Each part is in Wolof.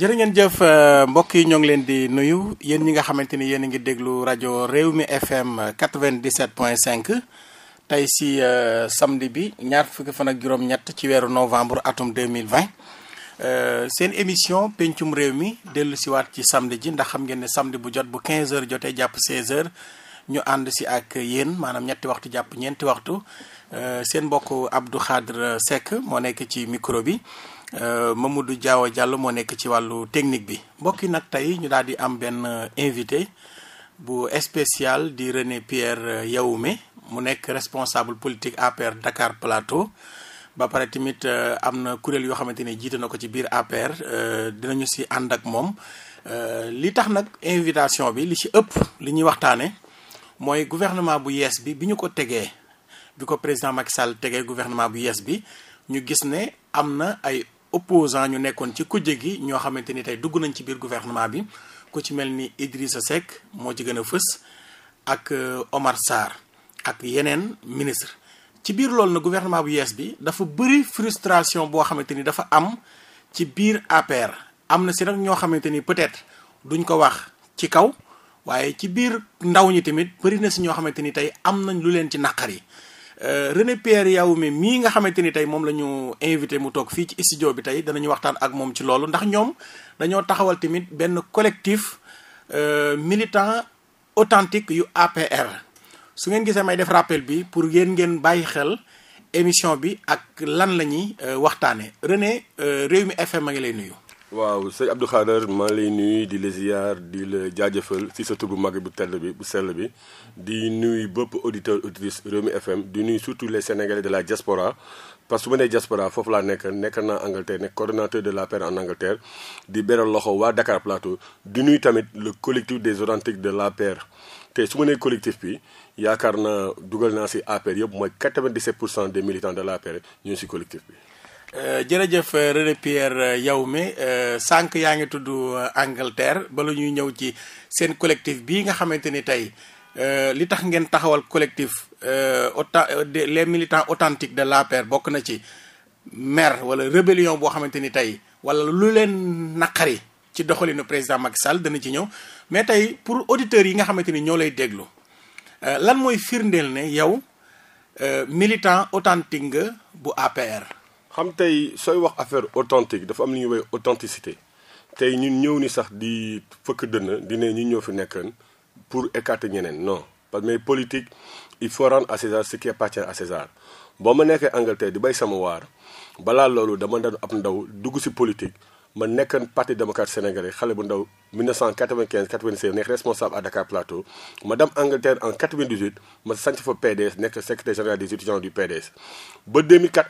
jërë ngeen jëf euh, mbokk yi ñoo ngi leen di nuyu yéen ñi nga xamante ni yéen a ngi déglu rajo réew mi FM 97.5 tey si euh, samedi bi ñaar fukki fan ak juróom-ñett ci weeru novembre atum 2020 euh, seen émission pencum réew mi dellu si waat ci samedi ji ndax xam ngeen ne samedi bu jot bu 15h jotee jàpp 16h ñu ànd si ak yéen maanaam ñetti waxtu jàpp ñeenti waxtu seen mbokk Abdou Khadre Seck moo nekk ci micro bi. Euh, Mamadou Diawa jàll moo nekk ci wàllu technique bi mbokk yi nag tey ñu daal di am benn euh, invité bu spécial di René Pierre euh, Yahoume mu nekk responsable politique APR Dakar Plateau ba pare tamit am na kuréel yoo xamante ne jiite na ko ci biir APR dinañu si ànd ak moom li tax nag invitation bi li ci ëpp li ñuy waxtaane mooy gouvernement bu yees bi bi ñu ko tegee bi ko président Macky Sall tegee gouvernement bu yees bi ñu gis ne am na ay opposant ñu nekkoon ci kujje gi ñoo xamante ni tey dugg nañ ci biir gouvernement bi ku ci mel ni Idrissa Seck moo ci gën a fës ak euh, Omar Sarr ak yeneen ministre ci biir loolu na gouvernement bu yees bi dafa bëri frustration boo xamante ni dafa am ci biir APR am na si nag ñoo xamante ni peut-être duñ ko wax ci kaw waaye ci biir ndaw ñi tamit bëri na si ñoo xamante ni tey am nañ lu leen ci naqar yi Euh, René Pierre Yahoume mii nga xamante ni tey moom la ñu invité mu toog fii ci studio bi tey danañu waxtaan ak moom ci loolu ndax ñoom dañoo taxawal tamit benn collectif euh, militant authentique yu APR su ngeen gisee may def rappel bi pour yéen ngeen bàyyi xel émission bi ak lan la ñuy euh, waxtaanee René Rewmi FM a ngi lay nuyu. waaw sëñ Abdou Khader maa lay nuyu di la di la jaajëfal si sa tur bu mag bu tell bi bu sell bi di nuyu bëpp auditeur auditrice Rewmi FM di nuyu surtout les sénégalais de la diaspora parce que su ma nee diaspora foofu laa nekk nekk naa Angleterre ne coordonnateur de l'APR en Angleterre di beral loxo waa Dakar Plateau di nuyu tamit le collectif des authentiques de la l'APR te su ma nee collectif bi yaakaar naa dugal naa si APR yëpp mooy 97 pour de bi. Euh, jërëjëf euh, René Pierre euh, yow mi sànq yaa ngi tudd Angleterre bala ñuy ñëw ci seen collectif bii nga xamante ni tey li tax ngeen taxawal collectif autant les militants authentiques de l'APR bokk na ci mer wala rébellion boo xamante ni tey wala lu leen naqari ci doxalinu président Macky Sall dana ci ñëw mais tey pour auditeurs yi nga xamante ni ñoo lay déglu lan mooy firndeel ne yow militant authentique nga bu APR. xam tey sooy wax affaire authentique dafa am lu ñuy woy authenticité tey ñun ñëw ni sax di fëkk dënn di ñu ñun ñoo fi nekkoon pour écarter ñeneen no parce que politique il faut rendre à César ce qui appartient à César boo ma nekkee Angleterre di bay sama waar balaa loolu dama daan ab ndaw dugg si politique ma nekkoon parti démocrate sénégalais xale bu ndaw 1995 96 nekk responsable à Dakar Plateau ma dem Angleterre en 98 ma sanc fa PDS nekk secrétaire général des étudiants du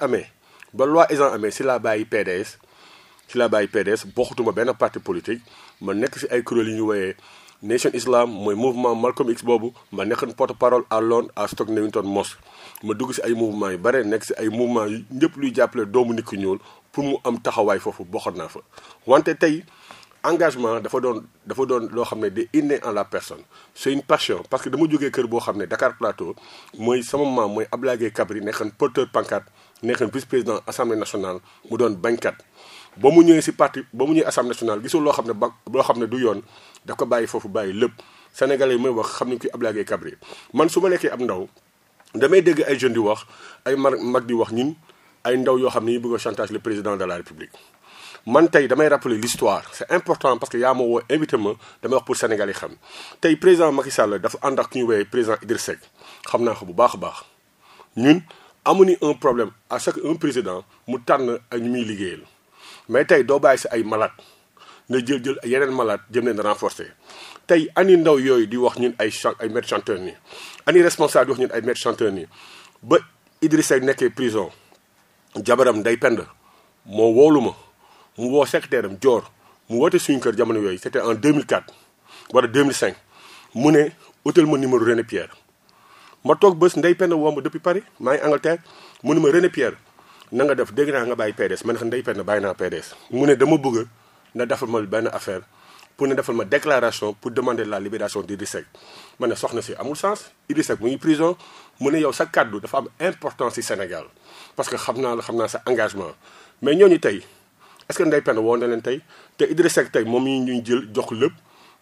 amee. ba loi Ezzan amee si laa bàyyi PDS si laa bàyyi PDS bokkutuma benn parti politique ma nekk si ay kuréel yu ñu woyee Nation Islam mooy mouvement Malcolm X boobu ma nekkoon porte parole à Londres à Stoke Newington Mosque ma dugg si ay mouvement yu bare nekk si ay mouvement yu luy jàppale doomu nit ñuul pour mu am taxawaay foofu bokkoon naa fa wante tey engagement dafa doon dafa doon loo xam ne di inné en la personne c'est une passion parce que dama jógee kër boo xam ne Dakar Plateau mooy sama maam mooy Abdoulaye Kabri nekkoon porteur pancarte nekkoon vice président assemblée national mu doon bañkat ba mu ñëwee si parti ba mu ñëwee assemblée nationale gisul loo xam ne ba loo xam ne du yoon daf ko bàyyi foofu bàyyi lépp sénégalais yi may wax xam nañ koy Abdoulaye Gueye Cabri man su ma nekkee ab ndaw damay dégg ay jeunes di wax ay mag di wax ñun ay ndaw yoo xam ne ñu bëgg a chantage le président de la république man tey damay rappeler l'histoire c'est important parce que yaa ma woo invité ma damay wax pour Sénégal yi xam tey président Macky Sall dafa ànd ak ñu woowee président Idriss Seck xam naa ko bu baax a baax ñun amuñu un problème à chaque un président mu tànn ak ñu muy liggéeyal mais tey doo bàyyi si ay malaat na jël jël yeneen malaat jëm leen renforcer tey ani ndaw yooyu di wax ñun ay ay maître chanteur nii ani responsable di wax ñun ay maître chanteur nii ba Idrissa Seck nekkee prison jabaram day pend moo woolu ma mu woo secrétaire am joor mu woote suñu kër jamono yooyu c'était en 2004 wala 2005 mu ne utal ma numéro René Pierre ma toog bés ndey pen woo ma depuis Paris maa ngi Angleterre mu ne ma Pierre na nga def dégg naa nga bàyyi PDS ma ne ko ndey penn bàyyi naa PDS mu ne dama bëgg na defal ma benn affaire pour ne defal ma déclaration pour demander la libération d'Idrissa Seck ma ne soxna si amul sens Idrissa mu ngi prison mu ne yow sa kàddu dafa am importance si Sénégal parce que xam naa la xam naa sa engagement mais ñooñu tey est-ce ndey penn woo na leen tey te Idrissa Seck tey moom ñu jël jox lépp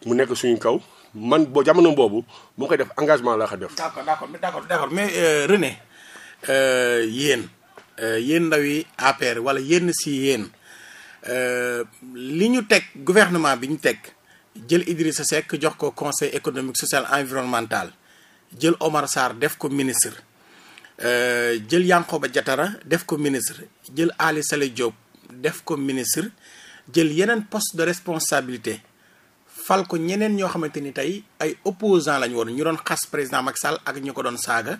mu nekk suñu kaw man boo jamono boobu mu koy def engagement laa ko def. d' accord d' accord d' mais euh, René euh, yéen euh, yéen ndaw yi APR wala yéen si yéen euh, li ñu teg gouvernement bi ñu teg jël Idrissa Seck jox ko conseil économique social environnemental jël Omar Sarr def ko ministre jël Yankoba Diatara def ko ministre jël Ali Saleh Diop def ko ministre jël yeneen poste de responsabilité. fal ñeneen ñoo xamante ni tey ay opposants lañ woon ñu doon xas président Macky Sall ak ñu ko doon saaga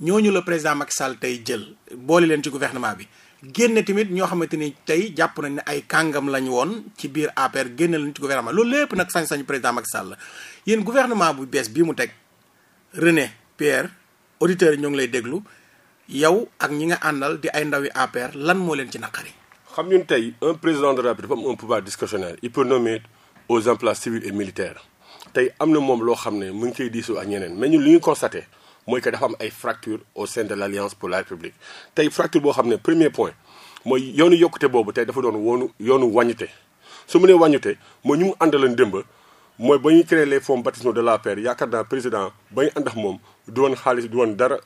ñooñu la président Macky Sall tey jël boole leen ci gouvernement bi génne tamit ñoo xamante ni tey jàpp nañ ne ay kàngam lañ woon ci biir APR génne leen ci gouvernement loolu lépp nag sañ sañ président Macky Sall la yéen gouvernement bu bees bii mu teg René Pierre auditeurs yi ñoo ngi lay déglu yow ak ñi nga àndal di ay ndawi APR lan moo leen ci naqari. xam ñun tey un président de la République dafa am aux emplois civils et militaires tey am na moom loo xam ne mu ngi koy diisoo ak ñeneen mais ñun li ñu constaté mooy que dafa am ay fractures au sein de l' alliance pour la république tey fracture boo xam ne premier point mooy yoonu yokkute boobu tey dafa doon woonu yoonu wàññute su ma nee wàññute mooy ñu mu àndalan démb mooy ba ñuy créé les fonds baptismaux de la paix yaakaar naa président ba ñu ànd ak moom du woon xaalis du woon dara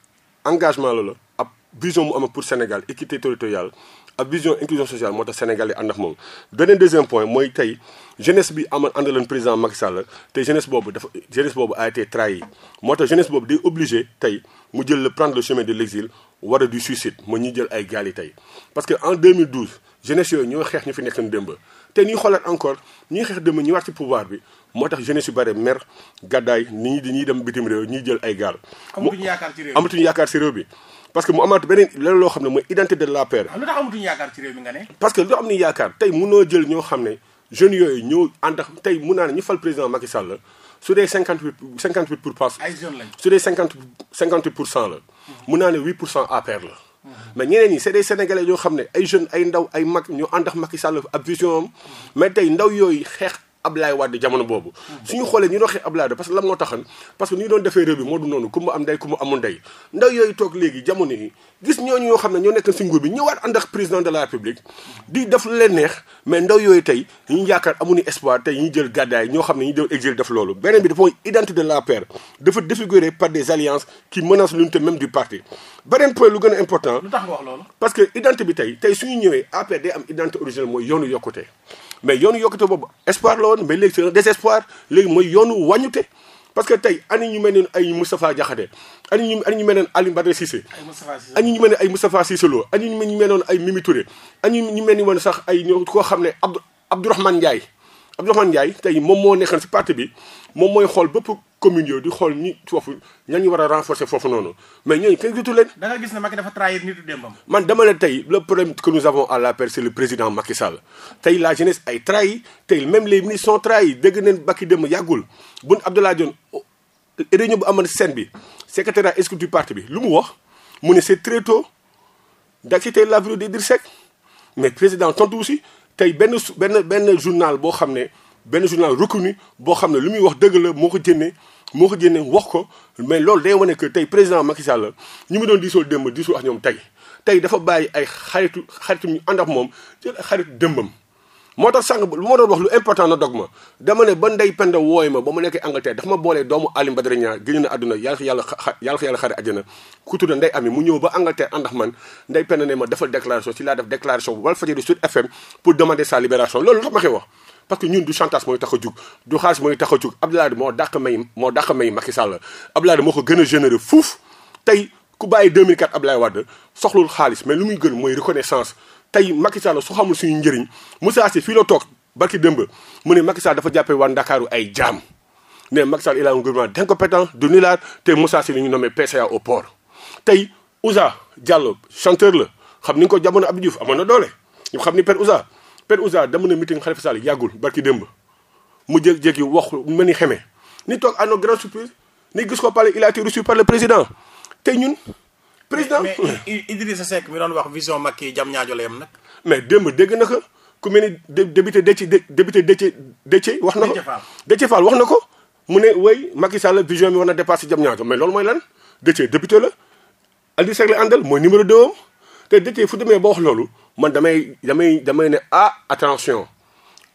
engagement la ab vision mu am pour Sénégal équité territoriale ak vision inclusion sociale moo tax Sénégal yi ànd ak moom beneen deuxième point mooy tey jeunesse bi amoon àndaloon président Macky Sall te jeunesse boobu dafa jeunesse boobu a été trahi moo tax jeunesse boobu day obligé tey mu jël le prendre le chemin de l' exil war a du suicide moo ñuy jël ay gaal yi tey parce que en 2012 yooyu ñoo xeex ñu fi nekkoon démb te ñuy xoolaat encore ñuy xeex démb ñu war ci pouvoir bi moo tax jeunesse yu bare mer gàddaay nit ñi di ñuy dem bitim réew ñuy jël ay gaal amatuñu yaakaar ci réew bi parce que mu amaat beneen leneen loo xam ne mooy identité de l'APR. Ah, lu tax amatuñu yaakaar ci parce que lu tax amuñu yaakaar tey munoo jël ñoo xam ne jeunes yooyu ñoo ànd ak tey mun naa ne ñu fal président Macky Sall la su dee cinquante huit pour cent. ay jeunes lañ su dee cinquante cinquante huit pour cent la. mun naa ne huit pour cent APR la. mais ñeneen ñi c'est des sénégalais yoo xam ne ay jeunes ay ndaw ay mag ñoo ànd ak Macky Sall ab vision am mais tey ndaw yooyu xeex. Abdoulaye Wade jamono boobu suñu xoolee ñu doxee Abdoulaye Wade parce que lan moo taxan parce que ñu doon defee réew bi moo du noonu ku mu am ndey ku mu amul ndey ndaw yooyu toog léegi jamono yi gis ñooñu ñoo xam ne ñoo nekk si nguur bi ñëwaat ànd ak président de la république di def leen neex mais ndaw yooyu tey ñu yaakaar amuñu espoir tey ñu jël gàddaay ñoo xam ne ñu jël exil def loolu beneen bi dafa mooy identité de la paire dafa défiguré par a important parce que identité bi tey tey suñu ñëwee APR day am identité originelle mooy yoonu yokkute mais yoonu yokkute boobu espoir la woon mais léegi c'est un désespoir léegi mooy yoonu wàññute parce que tey ani ñu mel ne ay Moustapha Diakhaté ani ñu ani ñu mel ne Alioune Badara Cissé ani ñu mel ne ay Moustapha Cissé Lo ani ñu mel ne ay Mimi Touré ani ñu mel ni woon sax ay ñoo koo xam ne Abdou Abdourahmane Ndiaye njaay tey moom moo nekkoon si parti bi moom mooy xool bëpp commune yooyu di xool ñi foofu ñañu war a renforcer foofu noonu mais ñooñu kenn gisu leen. da gis ne Macky dafa trahir nitu démbam. man dama ne tey le problème que nous avons à l'APR c'est le président Macky Sall tey la jeunesse ay trahi tey même les ministres sont trahis dégg neen Macky dem yàggul bun Abdoulaye Dione oh, réunion bu amoon scène bi secrétaire exécutif du parti bi lu mu wax mu ne c'est très tôt d'acquitter la vie d'Idrissa mais président tontu aussi tey benn benn benn journal boo xam ne. benn journal reconnu boo xam ne lu muy wax dëgg la moo ko jëndee moo ko jëndee wax ko mais loolu day ne que tey président Macky Sall la ñu mu doon diisoo démb diisoo ak ñoom tey tey dafa bàyyi ay xaritu xaritu ñu ànd ak moom jël ay xaritu démbam. moo tax sànq lu ma doon wax lu important na dog ma dama ne ba ndey penda wooy ma ba mu nekkee Angleterre dafa ma boolee doomu Alim Badara Niang génn na àdduna yàlla yàlla yàlla yàlla xare àjjana ku tudd ndey mu ñëw ba Angleterre àndax man ndey penda ne ma defal déclaration ci laa def déclaration bu Walfadjri Sud FM pour demander loolu tax ma parce que ñun du chantage mooy tax a jug du xaalis mooy tax a jug Abdoulaye moo dàq may moo dàq may Macky Sall Abdoulaye moo ko gën a généreux fuuf tey ku bàyyi 2004 Abdoulaye Wade soxlul xaalis mais lu muy gën mooy reconnaissance tey Macky Sall su xamul suñu njëriñ Moussa Sy fii la toog barki démb mu ne Macky Sall dafa jàppee waa Ndakaaru ay jaam ne Macky Sall il a un gouvernement d'incompétent de nulard te Moussa Sy la ñu nommé PCA au port tey Ousa Diallo chanteur la xam ni nga ko jamono Abdou Diouf amoon na doole ñu xam ni Père Ousa Père Ouza dama ne meeting Khalifa Sall yàggul barki démb mu jékki-jékki wax mel ni xeme ni toog à nos grandes ni gis ko parler il a été reçu par le président tey ñun. président mais Idrissa Seck mi doon wax vision Macky jam ñaajo la yem nag. mais démb dégg na ko ku mel ni dé député Déthié député Déthié wax na ko Déthié Fall wax na ko mu ne way Macky Sall vision bi war na dépassé jam ñaajo mais loolu mooy lan Déthié député la Idrissa Seck la àndal mooy numéro 2 te Déthié fu demee ba loolu. man damay damay damay ne ah attention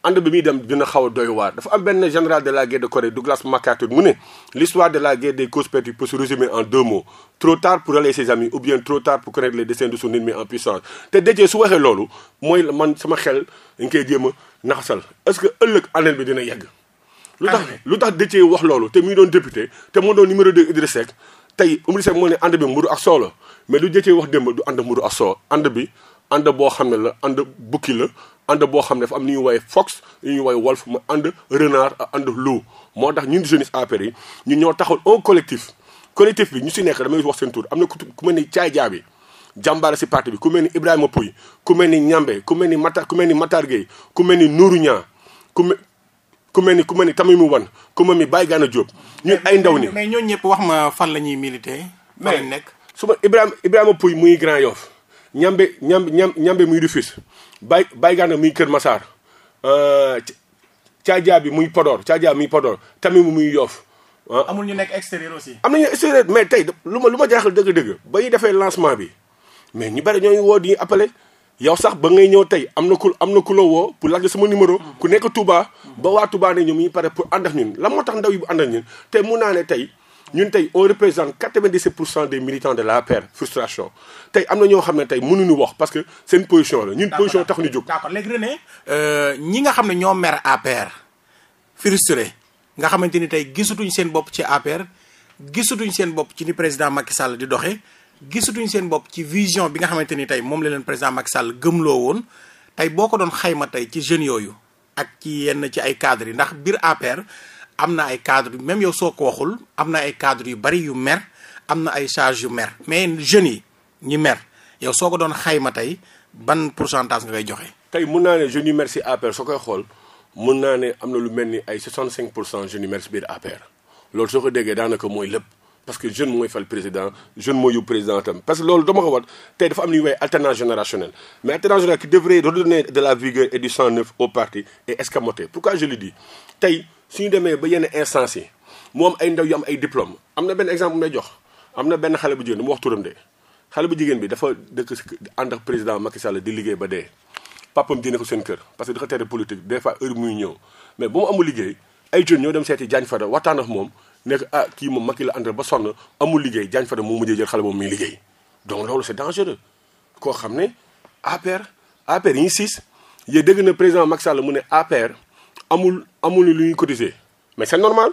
ànd bi muy dem dina xaw a doy waar dafa am benn général de la guerre de Corée Douglas MacArthur mu ne l'histoire de la guerre des causes perdues peut se résumer en deux mots trop tard pour aller ses amis ou bien trop tard pour connaître les desseins de son ennemi en puissance te dëjee su waxee loolu mooy man sama xel dañ koy jéem a naxasal est-ce que ëllëg année bi dina yegg lu tax lu tax dëjee wax loolu te muy doon député te moo doon numéro 2 Idriss Seck tey Idriss Seck moo ne bi mburu ak soow mais lu dëjee wax démb du ànd mburu ak soow ànd bi ànd boo xam ne la ànd bukki la ànd boo xam ne dafa am lu ñu woowee fox lu ñuy woowee wolf ma ànd renard ak ànd loup moo tax ñun jeunesse APR yi ñu ñoo taxawal un collectif collectif bi ñu si nekk damay wax seen tur am na ku mel ni caay jaabi jàmbaare si parti bi ku mel ni Ibrahima Pouy ku mel ni Ñambe ku mel ni Mata ku mel ni Matar Gueye ku mel ni Nourou Niang ku mel ku mel ni ku mel ni Tamimu Wane ku mel ni Baye Gana ay ndaw ni mais ñooñu ñëpp wax ma fan la ñuy militer. fan la nekk su ma Ibrahima Ibrahima Pouy muy Grand ñambe ñambe ñambe ñambe muy Rufisque bay baygana muy Kër Massar euh, caajaa bi muy Podor caajaa muy Podor tamit mu muy yoof ah. amul ñu nekk extérieur aussi. am nañu extérieur mais tey lu ma lu ma jaaxal dëgg-dëgg ba ñu defee lancement bi mais ñu bari ñooñu woo di ñu yow sax ba ngay ñëw tey am na ku am na ku la woo pour laaj sama numéro. ku nekk tubaa ba waa Touba ne ñoom ñu pare pour ànd ak ñun lan moo tax ndaw yi bu ànd ak ñun te mun naa ne tey. ñun tey on représente quatre-vingt-dix-sept pour cent des militants de l'APR frustration tey am na ñoo xam ne tey mënuñu wax parce que seen position la ñun position tax ñu jóg. d'accord léegi René euh, ñi nga xam ne ñoo mer APR frustré nga xamante ni tey gisatuñ seen bopp ci APR gisatuñ seen bopp ci ni président Macky Sall di doxee gisatuñ seen bopp ci vision bi nga xamante ni tey moom la leen président Macky Sall gëmloo woon tey boo ko doon xayma tey ci jeunes yooyu ak ci yenn ci ay cadres yi ndax biir APR. am na ay cadre même yow soo ko waxul am na ay cadre yu bari yu mer am na ay change yu mer mais jeunes yi ñi mer yow soo ko doon xayma tey ban pourcentage nga koy joxe. tey mun naa ne jeunes yu mer soo koy xool mun naa ne am na lu mel ni ay 65 pour cent jeunes yu mer si biir APR soo ko déggee daanaka mooy lépp. parce que jeune mooy fal président jeune tam parce que loolu dama ko wax tey dafa am lu ñuy wax alternance générationnelle mais alternance générationnelle qui devrait redonner de la vigueur et du sang neuf au parti et escamoter su ñu demee ba yenn instance yi moom am ay ndaw yu am ay diplôme am na benn exemple bu may jox am na benn xale bu jigéen du ma wax turam de xale bu jigéen bi dafa dëkk ànd président Macky Sall di liggéey ba dee papam dina ko seen kër parce que dafa tere politique des fois heure muy ñëw mais bu mu amul liggéey ay jeunes ñoo dem seeti Diagne Fada waxtaan ak moom nekk ah kii moom Macky la àndal ba sonn amul liggéey Diagne Fada moo mujjee jël xale moom muy liggéey donc loolu c'est dangereux koo xam ne APR APR yi ñu dégg na président Macky Sall mu ne APR amul amul lu ñuy cotiser mais c'est normal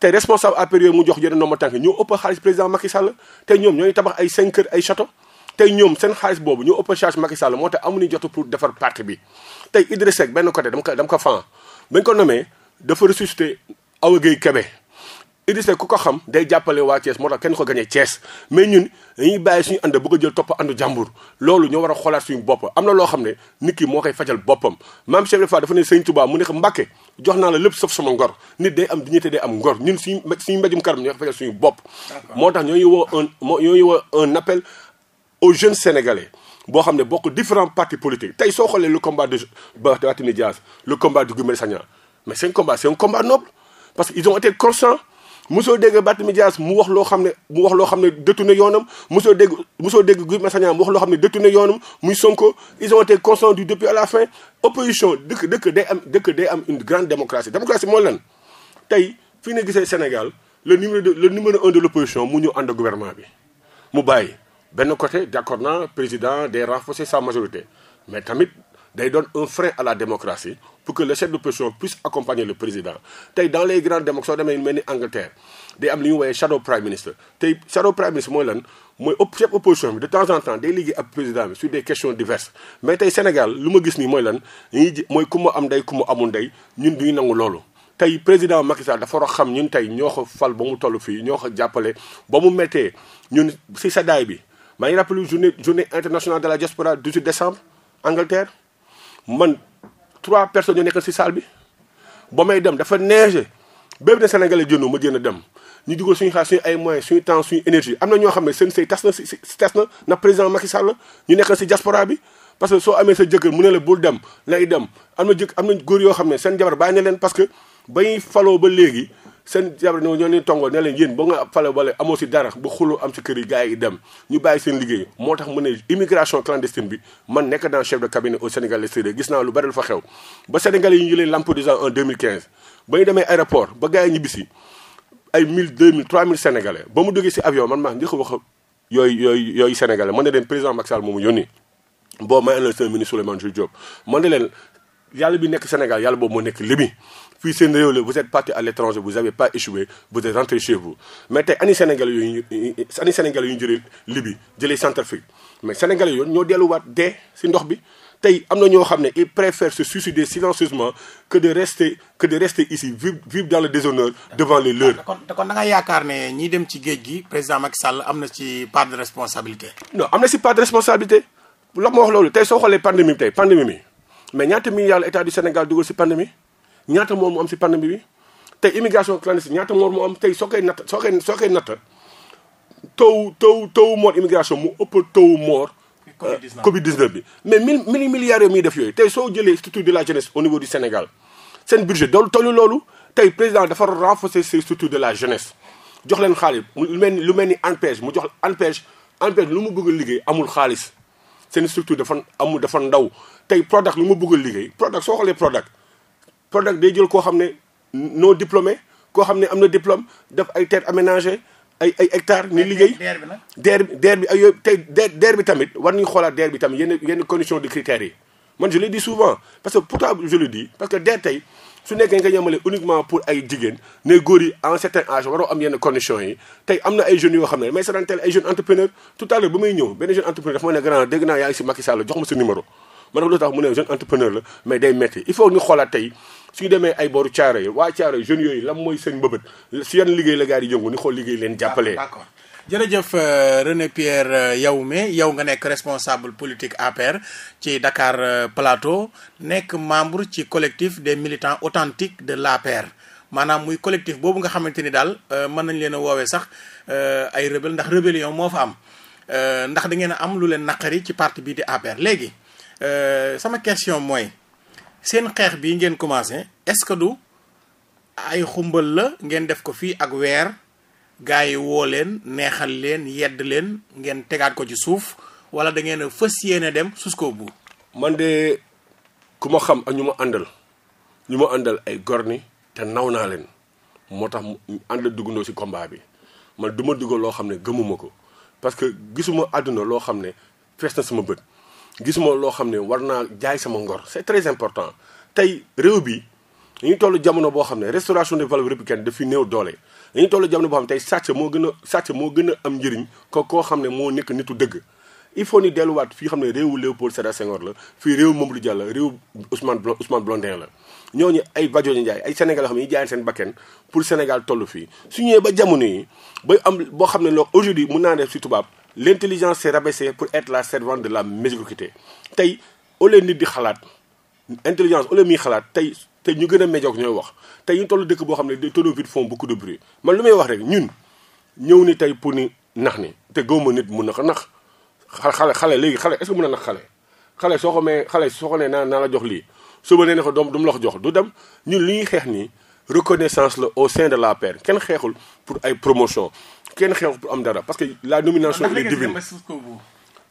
tey responsable à période mu jox yenn ndomba tànk ñoo ëpp xaalis président Macky Sall tey ñoom ñooy tabax ay cinq kër ay château tey ñoom seen xaalis boobu ñoo ëpp charge Macky Sall moo tax amuñu jotu pour defar parti bi tey Idrissa Seck benn côté dam ko dama ko fan bañ ko nommé dafa ressuscité Awa Gueye Kébé Idrissa ku ko xam day jàppale waa Thiès moo tax kenn ko gañee Thiès mais ñun dañuy bàyyi suñu ànd bëgg a jël topp àndu jàmbur loolu ñoo war a xoolaat suñu bopp am na loo xam ne nit ki moo koy fajal boppam maam Cheikh Ibrahima dafa ne Sëñ Tuubaa mu ne ko Mbàkke jox naa la lépp sauf sama ngor nit day am ngor ñun suñu suñu mbéjum karam ñoo koy fajal suñu moo tax ñooñu woo un ñooñu woo un appel aux jeunes sénégalais boo xam ne bokk différents partis politiques tey soo xoolee le combat de Barthélémy Dias le combat de Guy Marius Sagna mais c'est un parce que ils ont été constants mosoo dégg Barthélémy Dias mu wax loo xam ne mu wax loo xam ne détourné yoonam mosoo dégg mosoo dégg Guy Marius Sagna mu wax loo xam ne détourné yoonam muy Sonko ils ont été constants du début à la fin opposition dëkk dëkk day am dëkk day am une grande démocratie démocratie moo lan tey fii nga gisee Sénégal le numéro de le numéro un de l' opposition mu ñu ànd gouvernement bi mu bàyyi benn côté d' accord naa président day renforcer sa majorité mais tamit day doon un frein à la démocratie pour que le chef de l'opposition puisse accompagner le président tey dans les grandes démocraties soo demee mel ni Angleterre day am li ñu woowee shadow prime minister tey shadow prime minister mooy lan mooy chef opposition bi de temps en temps day liggéey ak président bi sur des questions diverses mais tey Sénégal lu ma gis nii mooy lan ñuy mooy ku ma am ndey ku ma amul ndey ñun duñu nangu loolu tey président Macky Sall dafa war xam ñun tey ñoo ko fal ba mu toll fii ñoo ko jàppale ba mu méttee ñun si seddaay bi maa ngi rappelé journée journée internationale de la trois personnes yu nekk si salle bi ba may dem dafa neige bépp na Sénégalais jëndu ma a dem ñu dugal suñu xaar suñu ay moyen suñu temps suñu énergie am na ñoo xam ne seen sëy tas na si tas na na président Macky Sall ñu nekk si diaspora bi. parce que soo amee sa jëkkër mu ne la bul dem nay dem am na jëkk am na góor yoo xam ne seen jabar bàyyi ne leen parce que ba ñuy faloo ba léegi. seen jabar ñoo ñoo ni tongoo ne leen yéen ba nga fale wala amoo si dara ba xuloo am si kër yi yi dem ñu bàyyi seen liggéey moo tax mu ne immigration clandestine bi man nekk dans chef de naa lu bari lu fa xew ba Sénégalais yi ñu leen Lampedusa en 2015 ba ñu demee aéroport ba gars yi ñibbisi ay 1000 2000 3000 Sénégalais ba mu duggee si avion man maa njëkk a wax yooyu yooyu yooyu man ne leen président Macky Sall moomu leen yàlla bi nekk Sénégal yàlla boobu moo nekk Libye puis seen réew la vous êtes parti à l'étranger vous avez pas échoué vous êtes rentré chez vous mais tey ani Sénégal yooyu ani Sénégal yu ñu jëlee Libye jëlee Centrafrique mais Sénégal yooyu ñoo delluwaat dee si ndox bi tey am na ñoo xam ne ils préfèrent se suicider silencieusement que de rester que de rester ici vivre vivre dans le déshonneur devant les leurs. kon kon da yaakaar ne ñi dem ci géej gi président Macky Sall am na ci part de responsabilité. no am na si part de responsabilité loolu loolu tey soo xoolee pandémie bi tey pandémie bi mais ñaata Sénégal dugal si pandémie ñaata moom mu am si pandémie bi tey immigration clandestine ñaata moor mu am tey soo koy natt soo koy soo koy natt taw taw taw moor immigration mu ëpp taw moor. Euh, Covid bi mais mille mille milliards yooyu muy def yooyu tey soo jëlee structure de la jeunesse au niveau du Sénégal seen budget doolu tollu loolu tey président dafa renforcer ces structures de la jeunesse jox leen xaalis lu mel ni lu mel ni ANPEJ mu jox ANPEJ ANPEJ lu mu bëgg a liggéey amul xaalis seen structure dafa amul dafa ndaw tey Prodac lu mu bëgg a liggéey Prodac soo xoolee Prodac Prodac day jël koo xam ne non diplômé koo xam ne am na diplôme def ay terres aménagées ay ay hectares. ni liggéey DER bi nag. bi tamit war nañu xoolaat DER bi tamit yenn yenn de critères yi man je le dis souvent parce que pourtant je le dis parce que DER tey su nekkee nga yemale yoo xam ne may saraan teel ay jeunes entrepreneur tout à l'heure ba may ñëw benn jeune entrepreneur dafa ma ne grand dégg naa yaa ngi si jox ma sa numéro ma ne ko lu tax mu ne jeune entrepreneur suñu demee ay booru caaro yi waa caaro yi jeunes yooyu lan mooy seen mbëbët si yan liggéey la gars yi yëngu ni xool liggéey leen jàppalee ah, d'accord jërëjëf euh, René Pierre euh, Yahoume yow nga nekk responsable politique APR ci Dakar euh, Plateau nekk membre ci collectif des militants authentiques de l'APR maanaam muy collectif boobu nga xamante ni daal mën nañ leen a woowee sax ay rebelle ndax rébellion moo fa am ndax da ngeen am lu leen naqari ci parti bii di APR léegi sama question mooy seen xeex bii ngeen commencé est-ce que du ay xumbal la ngeen def ko fii ak weer gars yi woo leen neexal leen yedd leen ngeen tegaat ko ci suuf wala da ngeen a fës yéene dem jusqu'au bout. man de ku ma xam ak ñu ma àndal ñu ma àndal ay gor ni te naw naa leen moo tax mu ànd duggandoo ci combat bi man du ma duggal loo xam ne gëmuma ko parce que gisuma àdduna loo xam ne fees na sama bët. gisuma loo xam ne war naa jaay sama ngor c'est très important tey réew bi dañuy toll jamono boo xam ne restauration de valeurs républicaines daf fi néew doole dañuy toll jamono boo xam ne tey sàcc moo gën a sàcc moo gën a am njëriñ ko koo xam ne moo nekk nitu dëgg il faut ni delluwaat fii xam ne réewu Léopold Sédar Senghor la fii réewu Mamadou Diallo la réewu Ousmane Ousmane Blondin la ñooñu ay Vadiodou Ndiaye ay Sénégal xam ne ñu jaayeen seen bakken pour Sénégal toll fii su ñëwee ba jamono yi ba am boo xam ne loo aujourd'hui mun naa def si l'intelligence s'est rabaissée pour être la servante de la médiocrité tey au lieu nit di xalaat intelligence au mii xalaat tey te ñu gën a médiocre ñooy wax tey ñu toll dëkk boo xam ne des tonneaux vides font beaucoup de bruit man lu may wax rek ñun ñëw ni tey pour ni nax ni te gëwma nit mun na ko nax xale xale léegi xale est mun na mën nax xale xale soo ko mee xale soo ko nee naa naa la jox lii suba nee ko doom du mu la ko jox du dem ñun li ñuy xeex nii reconnaissance la au sein de l'APR kenn xeexul pour ay promotion kenn xeexul pour am dara parce que la nomination elle est divine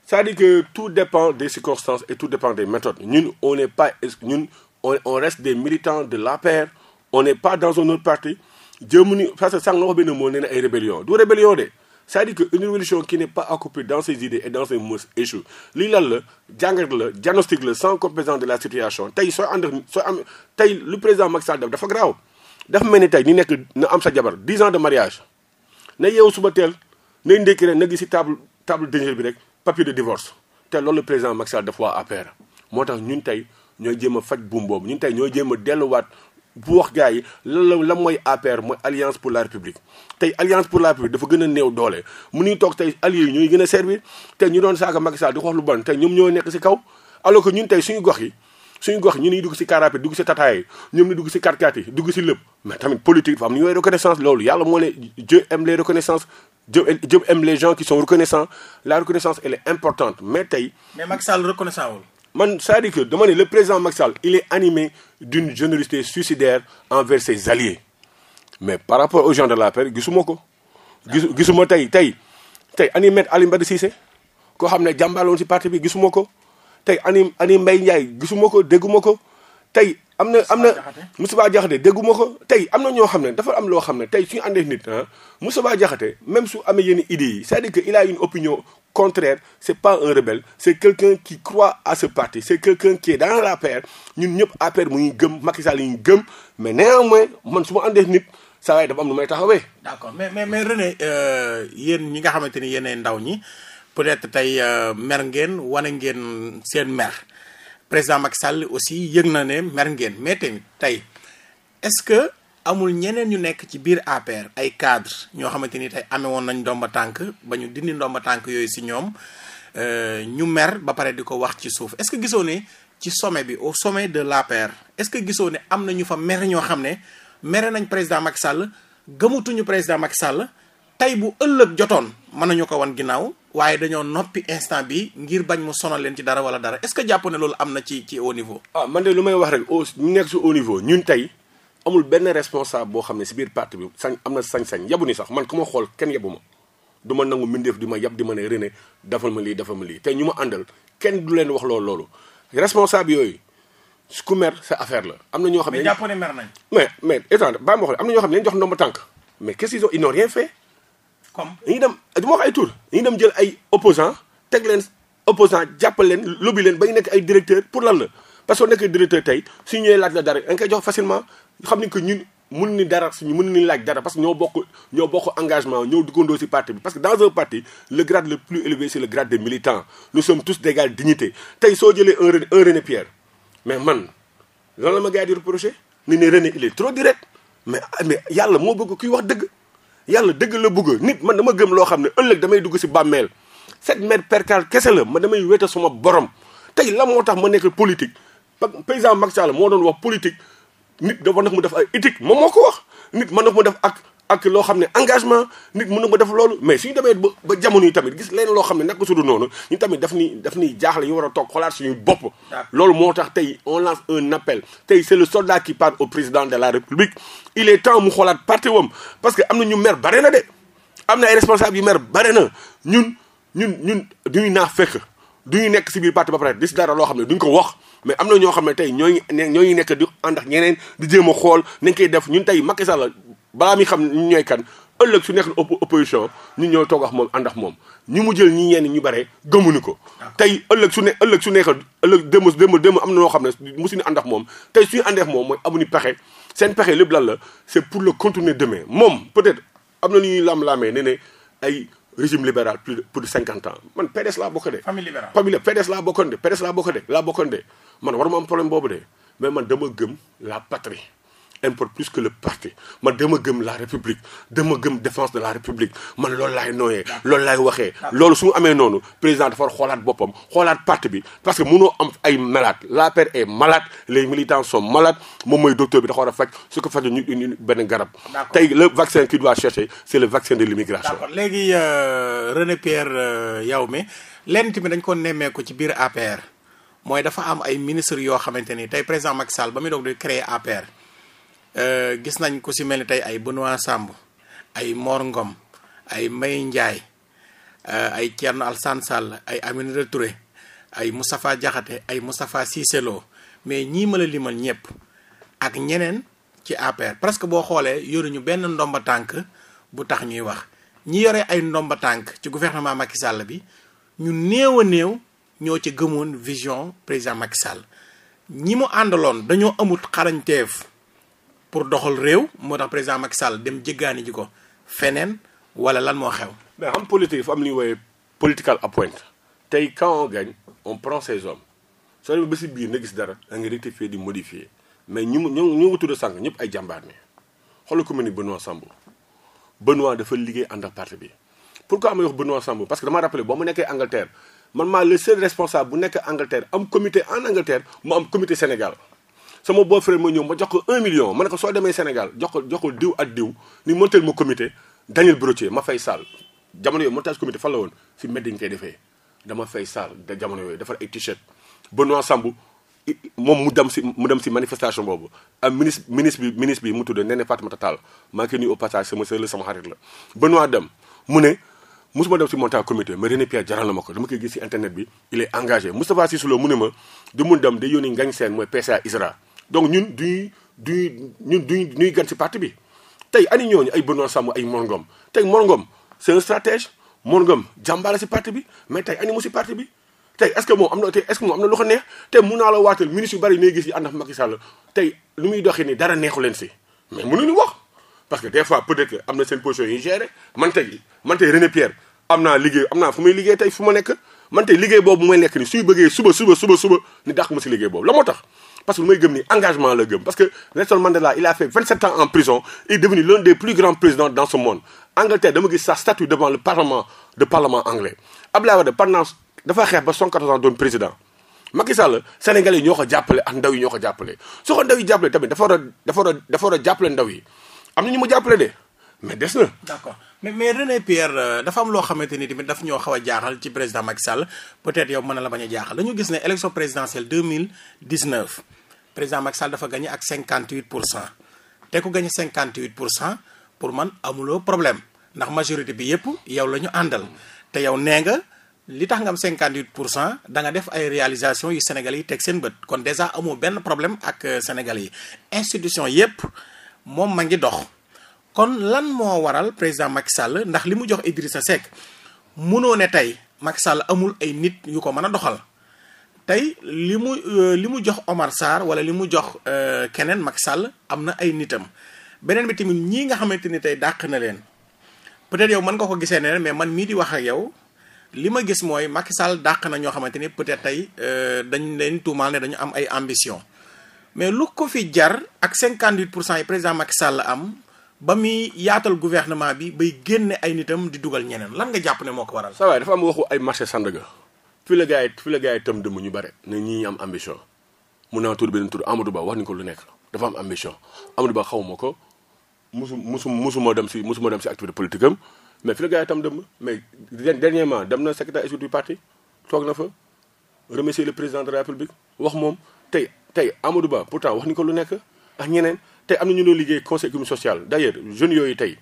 c'est-à-dire que tout dépend des circonstances et tout dépend des méthodes ñun on n'est pas ñun on on reste des militants de l'APR on n'est pas dans un autre parti jéemuñu parce que sànq nga ko benn moo nee na ay rébellion du rébellion de c'est-à-dire que une révolution qui n'est pas accoupée dans ses idées et dans ses mœurs échoue la jàngat la diagnostic la sans de la situation tey soo ànd soo dafa grave dafa mel ni tey ñu nekk na am sa jabar dix ans de mariage na yeewu suba teel nay ndékki rek na gis si table table d'ingénieur bi rek papier de divorce te loolu le président Macky Sall def waa APR moo tax ñun tey ñooy jéem a faj buum boobu ñun tey ñooy jéem a delluwaat bu wax gars yi lan la mooy APR mooy alliance pour la république tey alliance pour la république dafa gën a néew doole mu ñuy toog tey alliés yi ñuy gën a servir te ñu doon saaga Macky Sall di ko ñoom ñoo nekk si kaw alors ñun tey suñu gox yi suñu gox ñu ni dugg si car rapide dugg si tata yi ñoom ni dugg si karkat yi dugg si lépp mais tamit politique dafa am ni ñooy reconnaissance loolu yàlla moo ne Dieu aime les reconnaissances Dieu Dieu aime les gens qui sont reconnaissants la reconnaissance elle est importante mais tey. mais Macky Sall ne le président Macky Sall il est animé d'une générosité suicidaire envers ses alliés mais par rapport aux gens de l'APR gisuma ko. gisu gisuma tey tey tey animé Alioune Badji Cissé koo xam ne jàmbaaloon si parti bi gisuma ko. tey ani ani Mbaye Ndiaye gisuma ko dégguma ko tey am na am na Moustapha Diakhaté dégguma ko tey am na ñoo xam ne dafa am loo xam ne tey suñu àndee nit ah Moustapha jaxate même su amee yenn idées yi c'est-à-dire que il a une opinion contraire c'est pas un rebelle c'est quelqu'un qui croit à ce parti c'est quelqu'un qui est dans la paire ñun ñëpp APR mu ngi gëm Macky Sall yi ñu gëm mais néanmoins man su ma àndee nit saa waay dafa am lu may taxawee. d'accord mais mais mais René euh, yéen ñi nga xamante ni yéenay ndaw ñi. peut-être tey euh, mer ngeen wane ngeen seen mer président Macky Sall aussi yëg na ne mer ngeen mais tamit tey est-ce que amul ñeneen ñu nekk ci biir APR ay cadre ñoo xamante ni tey amee woon nañ ndomba tànk ba ñu dindi ndomba tànk yooyu si ñoom euh, ñu mer ba pare di ko wax ci suuf est-ce que gisoo ni ci sommet bi au sommet de l'APR est-ce que gisoo ne am na ñu fa mer ñoo xam ne mere nañ président Macky Sall gëmatuñu président Macky Sall tey bu ëllëg jotoon mën nañu ko wan ginnaaw waaye dañoo noppi instant bi ngir bañ mu sonal leen ci dara wala dara est-ce que jàpp ne loolu am na ci ci au niveau. ah man de lu may wax rek au ñu nekk si au niveau ñun tey amul benn responsable boo xam ne si biir parti bi sañ am na sañ-sañ yabu ni sax man ku ma xool kenn yabu ma du ma nangu mbindeef di ma yab di ma ne René defal ma lii defal ma lii te ñu ma àndal kenn du leen wax loolu loolu responsable yooyu. su ku mer sa affaire la am na ñoo xam ne. mais mais mais étant baa ma wax am na ñoo xam ne dañ jox ndomba tànk mais comme dem du dem jël ay opposant teg leen opposant jàppal leen lobby leen ba nekk ay directeur pour lan la parce que nekk directeur tey su ñëwee laaj la dara da nga koy jox facilement xam ni que ñun mun ni dara suñu mun ni laaj dara parce que ñoo bokk ñoo bokk engagement ñoo duggandoo ci parti bi parce que dans un parti le grade le plus élevé c'est le grade des militants nous sommes tous d'égale dignité tey soo jëlee un un René Pierre mais man lan la ma gars yi di reproché ni ne René il est trop direct mais yàlla moo bëgg kuy wax dëgg yàlla dégg la bugg nit man dama gëm loo xam ne ëllëg damay dugg si bàmmeel sept mètres percale kese la ma damay wéete suma borom tey la moo tax ma nekk politique président Macky Sall moo doon wax politique nit dafa nag mu def ay éthique moom moo ko wax nit man nag mu def ak ak loo xam ne engagement nit mën na ko def loolu mais suñu demee ba ba jamono yi tamit gis leen loo xam ne naka sudu noonu ñu tamit daf ni daf ni jaaxle ñu war a toog xolaat suñu bopp loolu moo tax tey on lance un appel tey c'est le soldat qui parle au président de la république il est temps mu xoolaat parti wam parce que am na ñu mer bare na de am na ay responsable yu mer bare na ñun ñun ñun duñu naa fekk duñu nekk si biir parti ba dara loo xam ne duñ ko wax mais am na ñoo xam ne tey ñooñu ñooñu nekk di ànd ak ñeneen di jéem a xool nañ koy def ñun tey balaa muy xam ñu ñooy kan ëllëg su nekk opposition ñu ñoo toog ak moom ànd ak moom ñu mu jël ñi ñenn ñu bare gëmuñu ko ah. tey ëllëg su ne ëllëg su nekk ëllëg démb démb démb am na noo xam ne musuñu ànd ak moom tey suñu ànd ak moom mooy amuñu pexe seen pexe lépp lan la c'est pour le contourner demain moom peut-être am na lam-laamee ne ne ay régime libéral plus de plus de cinquante ans man PDS laa bokk de. famille libérale famille PDS laa bokkoon de PDS laa bokk de laa bokkoon am problème boobu de mais man dama gëm la patrie importe plus que le parti man dama gëm la république dama gëm défense de la république man loolu laay nooyee loolu laay waxee loolu su mu amee noonu président dafa xoolaat boppam xoolaat parti bi parce que mënoo am ay malade l'APR est malade les militants sont malades moom mooy docteur bi dafa war a faj su ko fajee ñu indi benn garab tey le vaccin qu'il doit chercher c'est le vaccin de l'immigration léegi euh, René Pierre euh, mi lenn tamit dañ ko nemmeeku ci biir APR mooy dafa am ay ministres yoo xamante ni tey président Macky Sall ba muy doog di créer Euh, gis nañ ko si mel ni tey ay Benoît Samb ay Mor Ngom ay May Ndiaye euh, ay Thierno Alassane Sall ay Aminata Touré ay Moustapha Diakhaté ay Moustapha Cissé mais ñii ma la limal ñëpp ak ñeneen ci APR presque boo xoolee yoruñu benn ndomba tànk bu tax ñuy wax ñi yore ay ndomba tànk ci gouvernement Macky Sall bi ñu néew a néew ñoo ci gëmoon vision président Macky ñi mu àndaloon dañoo amut xarañteef pour doxal réew moo tax président Macky Sall dem jéggaani ji ko feneen wala lan moo xew. mais am politique dafa am lu ñuy woowee political appoint tey quand on gagne on prend ses hommes soo demee ba si biir nga gis dara da nga rectifier di modifier mais ñu ñu ñu nga tudd sànq ñëpp ay jàmbaar ne xoolal commune bi Benoît Sambou Benoît dafa liggéey ànd ak parti bi. pourquoi may wax Benoît Sambou parce que dama rappelé boo mu nekkee Angleterre man maa le seul responsable bu nekk Angleterre am comité en Angleterre mu comité Sénégal. sama boo frère ma ñëw ma jox ko un million ma ne ko soo demee Sénégal jox ko jox ko diw ak diw ni montel ma ma fay saal jamono yooyu montage comité fan la woon fi mbedd ñu koy defee dama fay saal da jamono yooyu defar ay t-shirt Benoît Sambou moom mu dem si mu dem si manifestation boobu am ministre ministre bi ministre bi mu tudd Néné Fatoumata Tall maa ngi koy nuyu au la sama mu ne musuma dem si montage comité mais René Pierre ko dama koy gis si internet bi il est engagé Moustapha Cissé mu ne ma du mun dem day yónni ngañ seen mooy PCA ISRA donc ñun duñuy duñuy ñun duñu ñuy gan ci parti bi tey ani ñooñu ay Benoît Sambou ay Mor Ngom tey Mor Ngom c'est un stratège Mor Ngom jàmbaara ci parti bi mais tey ani mu ci parti bi tey est-ce que moom am na tey est-ce que na lu ko neex tey mun naa la waatal ministre yu bari nay gis yi ànd ak Macky Sall tey lu muy doxee ni dara neexu leen ci mais mënuñu wax parce que des fois peut-être que am na seen position yu géré man tey man tey René Pierre am naa liggéey am naa fu muy liggéey tey fu ma nekk man tey liggéey boobu may nekk ni suy bëggee suba suba suba suba ni dàq ma ci boobu la moo parce que lu may gëm ni engagement la gëm parce que Nelson Mandela il a fait 27 ans en prison il est devenu l'un des plus grands présidents dans ce monde Angleterre dama gis sa statue devant le parlement de parlement anglais Abdoulaye Wade pendant dafa xeex président Macky Sall sénégalais yi ñoo ko jàppale ak ndaw yi ñoo ko jàppale su ko ndaw yi jàppale tamit dafa war a a jàppale ndaw yi am na ñu mu jàppale de mais des na d'accord mais mais René Pierre euh, dafa am loo xamante ni tamit daf ñoo xaw a jaaxal ci président Macky Sall peut-être yow mën na la bañ a jaaxal dañu gis ne élection présidentielle 2019 président Macky Sall dafa gagné ak 58 pour cent te ku gagné 58 pour cent pour man amuloo problème ndax majorité bi yëpp yow la ñu àndal te yow nee nga li tax nga am 58 pour cent danga def ay réalisation yu Sénégal yi teg seen bët kon déjà amoo benn problème ak euh, Sénégal yi institution yëpp moom ma ngi dox. kon lan moo waral président Macky ndax li mu jox Idrissa Seck mënoo ne tey Macky Sall amul ay nit yu ko mën a doxal tey li mu euh, li mu jox Omar Sarr wala li mu jox euh, keneen Macky Sall am na ay nitam beneen bi tamit ñii nga xamante ni tey dàq na leen peut-être yow mën nga ko gisee ne mais man mii di wax ak yow li ma gis mooy Macky Sall dàq na ñoo xamante ni peut-être tey euh, dañ leen tuumaal ne dañu am ay ambition mais lu ko fi jar ak 58 pour cent yi président Macky la am. ba muy yaatal gouvernement bi bay génne ay nitam di dugal ñeneen lan nga jàpp ne moo ko waral. saa waay dafa am waxu ay marché Sandaga fi la gars yi fi la gars yi itam dëmm ñu bare. ne ñii am ambition mun naa tur beneen tur Amadou Ba wax ni ko lu nekk dafa am ambition Amadou Ba xawma ko musu musu musuma dem si musuma dem si activité politique am mais fi la gars yi itam dëmm mais dernièrement dem na secrétaire exécutif du parti toog na fa remercier le président de la république wax moom tey tey Amadou Ba pourtant wax ni ko lu nekk ak ñeneen. tey am na ñu doon liggéey conseil économique social d' ailleurs yooyu tey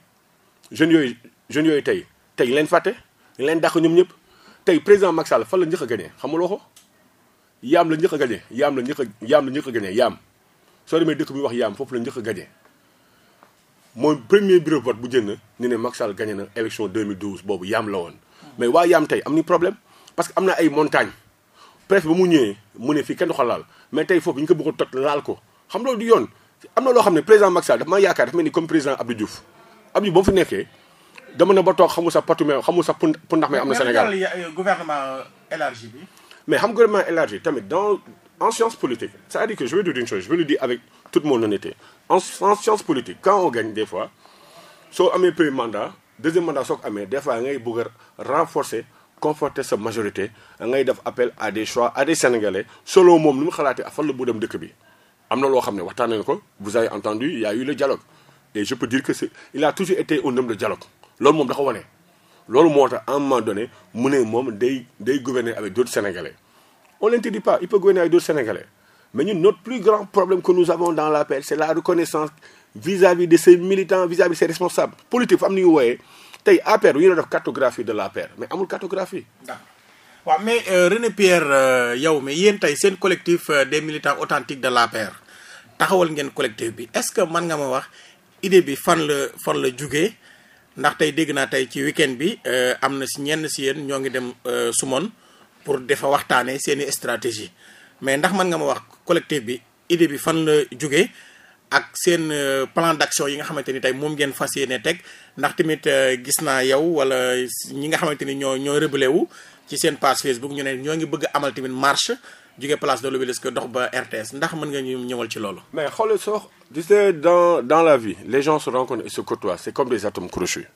jeunes yooyu jeunes yooyu tey tey leen fàtte leen dàq ñoom ñëpp tey président Macky Sall la njëkk a gañee xamuloo ko yaam la njëkk a gañee yaam la njëkk a la njëkk a gañee yaam soo demee dëkk bi wax yaam foofu la njëkk a gañee mooy premier bureau vote bu jën ñu ne Macky Sall gañe na élection 2012 boobu yaam la woon mais waa yaam tey am ni problème parce que am na ay montagne préfet ba mu ñëwee mu ne fii kenn laal mais tey ko bëgg a toj laal ko xam loolu du yoon am na loo xam ne président Macky Sall dafa maa yaakaar dafa mel ni comme président Abdou ba mu fi nekkee dama ne ba toog xamul sax patu mee xamul sax pour pour ndax may am na Sénégal euh, gouvernement euh, élargi bi. mais xam gouvernement élargi tamit dans en science politique c'est-à-dire que je vais dire une chose je vais le dire avec toute mon honnêteté en en science politique quand on gagne des fois soo amee premier mandat deuxième mandat soo ko amee des fois ngay bëgg a renforcer conforter sa majorité ngay def appel à des choix à des sénégalais selon moom xalaatee afal la bu dem dëkk bi. am na loo xam ne waxtaan nañu ko vous avez entendu il y a eu le dialogue et je peux dire que c'est il a toujours été un homme de dialogue loolu moom dafa wane. loolu moo tax à un moment donné mu ne moom day day avec d'autres sénégalais on l'interdit pas il peut gouverner avec d'autres sénégalais mais ñun notre plus grand problème que nous avons dans l'APR c'est la reconnaissance vis-à-vis de ses militants vis-à-vis de ses responsables mais amul cartographie. waaw mais euh, René Pierre euh, yow tey seen collectif euh, des militants authentiques de l'APR taxawal ngeen collectif bi est-ce que mën nga ma wax idée bi fan la fan la jugee ndax tey dégg naa tey ci weekend bi euh, am na si ñenn si yéen ñoo ngi dem euh, Sumone pour defa waxtaanee seeni stratégie mais ndax mën nga ma wax collectif bi idée bi fan la jóge ak seen euh, plan d'action yi nga xamante ni tey moom ngeen fas yéene teg ndax tamit gis naa yow wala ñi nga xamante ni ñoo ñoo rebelle wu ci seen page Facebook ñu ne ñoo ngi bëgg amal tamit marche jóge place de l'Obélisque dox ba RTS ndax mën nga ñu ñëwal ci loolu. mais xoolal soo gisee dans dans la vie les gens se rencontrent et se côtoient c'est comme des atomes crochus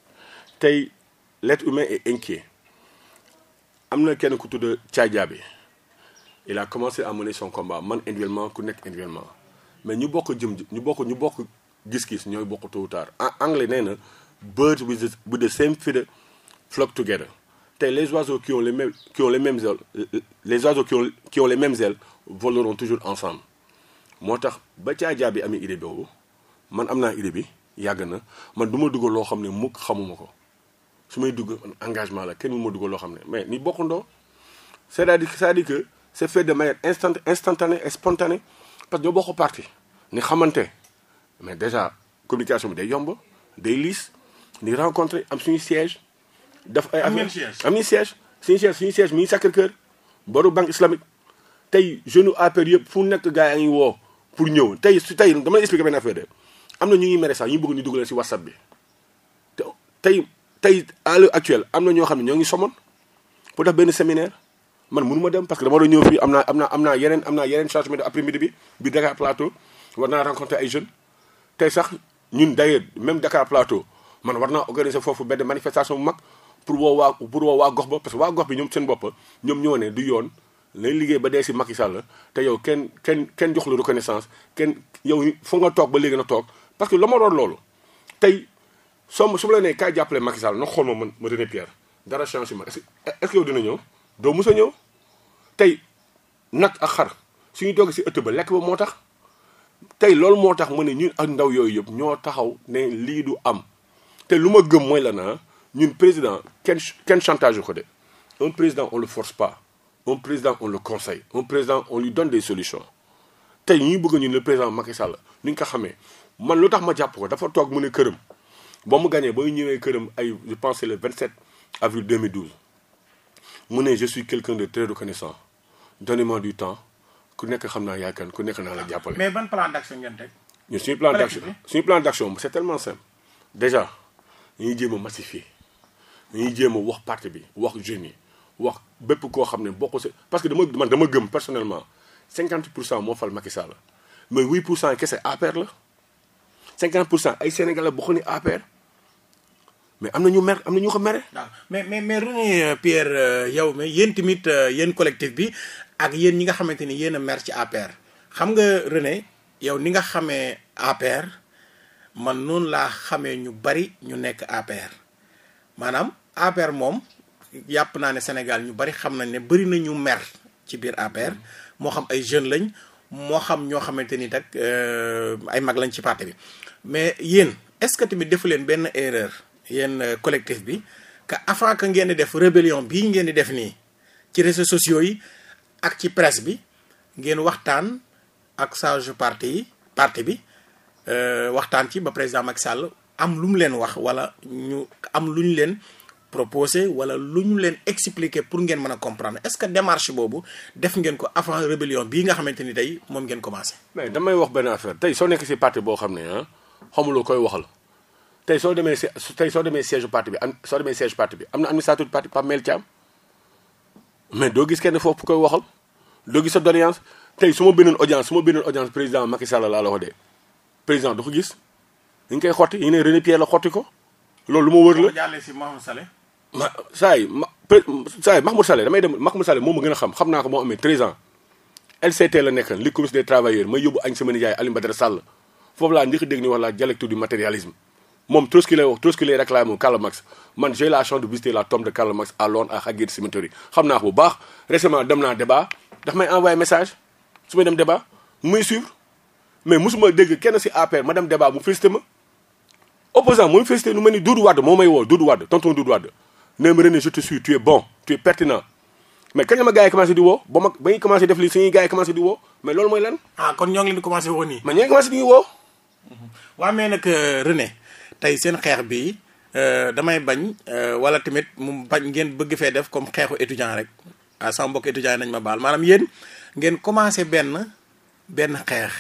am na kenn ku tudd Thiadiaby bi a commencé à mener son combat man individuellement ku nekk individuellement mais ñu bokk jëm ñu bokk ñu bokk gis-gis ñooy bokk tôt ou tard en anglais nee na birds with the same feather flock together. te les oiseaux qui ont les mêmes, qui les mêmes ailes, les oiseaux qui ont, qui ont les mêmes ailes voleront toujours ensemble moo tax ba caaja bi amee idée boobu man am naa idée bi yàgg na man du ma dugal loo xam ne mukk xamuma ko su may dugg engagement la kenn mu ma dugal loo xam ne mais ni bokkandoo cest à di c'est-à-dire que c'est fait de manière instant instantanée et spontanée parce que ñoo bokk parti ni xamante mais déjà communication bi day yomb day liis ni rencontrer am suñu siège daf ay am ngeen siège suñu siège suñu siège mi ngi Sacré Cœur boru banque islamique tey jeune APR yëpp fu nekk gars yaa ngi woo pour ñëw tey su tey dama lay expliquer benn am na ñu ñuy mere sax ñu bëgg ñu dugalee si whatsapp bi tey tey à l'heure actuelle am na ñoo xam ne ñoo ngi somoon pour def benn séminaire man mënu ma dem parce que dama a ñëw fii am naa am na am naa yeneen am naa yeneen changement de après midi bi bi Dakar Plateau war naa rencontrer ay jeunes tey sax ñun d'ailleurs même Dakar Plateau man war naa organiser foofu benn manifestation bu mag pour woo waa pour woo waa gox ba parce que waa gox bi ñoom seen bopp ñoom ñoo ne du yoon lañ liggéey ba dee si Macky la te yow kenn kenn kenn jox la reconnaissance kenn yow fu nga toog ba léegi na toog parce que la doon loolu tey soo ma la nee kaay jàppale Macky Sall na xool ma man dara changement est-ce est-ce dina ñëw doo mus a ñëw tey nag xar suñu doog si ëtt ba lekk ba moo tax tey loolu moo tax mu ne ñun ak ndaw yooyu yëpp ñoo taxaw ne lii du am te lu ma gëm mooy la naa ah ñun président kenn kenn chantage ko de un président on le force pas un président on le conseille un président on lui donne des solutions tey ñuy bëgg ñun le président Macky Sall nu nga ko xamee man lu tax ma jàpp ko dafa toog mu ne këram ba mu gagné ba ñu ñëwee këram ay je pense le 27 avril 2012 mu ne je suis quelqu'un de très reconnaissant donnez-moi du temps ku nekk xam naa yaakaar ku nekk naa la jàppale. mais ban plan d'action ngeen teg. ñun suñu plan d'action suñu plan d'action c'est tellement simple déjà ñuy dañuy jéem wax parti bi wax jeunes yi wax bépp koo xam ne bokk si parce que dama man dama gëm personnellement cinquante pour cent moo fal Macky Sall mais huit pour cent kese APR la cinquante pour cent ay Sénégalais bokk ni APR mais am na ñu mer am na ñu ko mere. waaw mais mais mais René euh, Pierre euh, yow mais yéen tamit euh, yéen collectif bi ak yéen ñi nga xamante ni yéen a mer ci APR xam nga René yow ni nga xamee APR man noonu laa xamee ñu bari ñu nekk APR maanaam. APR moom yàpp naa ne Sénégal ñu bari xam nañ ne bari nañu ñu mer ci biir APR moo xam ay jeunes lañ moo xam ñoo xamante ni nag euh, ay mag lañ ci parti bi mais yéen est-ce que tamit defu leen benn erreur yéen euh, collectif bi que avant ngeen di def rébellion bii ngeen di def nii ci réseaux sociaux yi ak ci presse bi ngeen waxtaan ak sage parti yi parti bi euh, waxtaan ci ba président Macky Sall am lu mu leen wax wala ñu am lu ñu leen. proposé wala lu ñu leen expliqué pour ngeen mën a comprendre est-ce que démarche boobu def ngeen ko avant rébellion bii nga xamante ni tey moom ngeen commencé. mais damay wax benn affaire tey soo nekk si parti boo xam ne ah xamuloo koy waxal tey soo demee tey soo demee siège parti bi am soo demee siège bi am na administrateur parti Pape Mel Thiam mais doo gis kenn foofu koy waxal doo gis sa doléance tey su ma beneen audience su ma bindoon audience président Macky Sall laa la wax de président gis. ñu ngi koy xotti ñu ne René Pierre la xotti ko loolu lu ma wër si Maham Saleh ma saa yi ma saa yi Mahmoud Saleh damay dem Mahmoud Saleh moom ma gën a xam xam naa ko moo amee 13 ans LCT la nekk li commission des travailleurs may yóbbu añ sama nijaay Alioune foofu laa njëkk a dégg wax la dialecte du matérialisme moom Trotsky lay wax Trotsky lay réclamé Karl man j'ai la chance de visiter la tombe de Karl Marx à Londres à Cemetery xam naa ko bu baax récemment dem naa débat daf may envoyé message su may dem débat muy suivre mais dégg kenn si APR ma dem débat mu félicité ma opposant mooy moo may woo Doudou Wade tonton Doudou même René je te suis tu es bon tu es pertinent mais kañ la ma gars yi commencé di woo ba ma ba ñuy commencé def li suñuy gars yi commencé di woo mais loolu mooy lan. ah kon ñoo ngi leen di commencé woo nii. mais ñoo ngi commencé di woo. Mhm. waaw mais nag euh, René tey seen xeex bi euh, damay bañ euh, wala tamit mu bañ ngeen bëgg fee def comme xeexu étudiant rek ah sama mbokk étudiant yi nañ ma baal maanaam yéen ngeen commencé benn benn xeex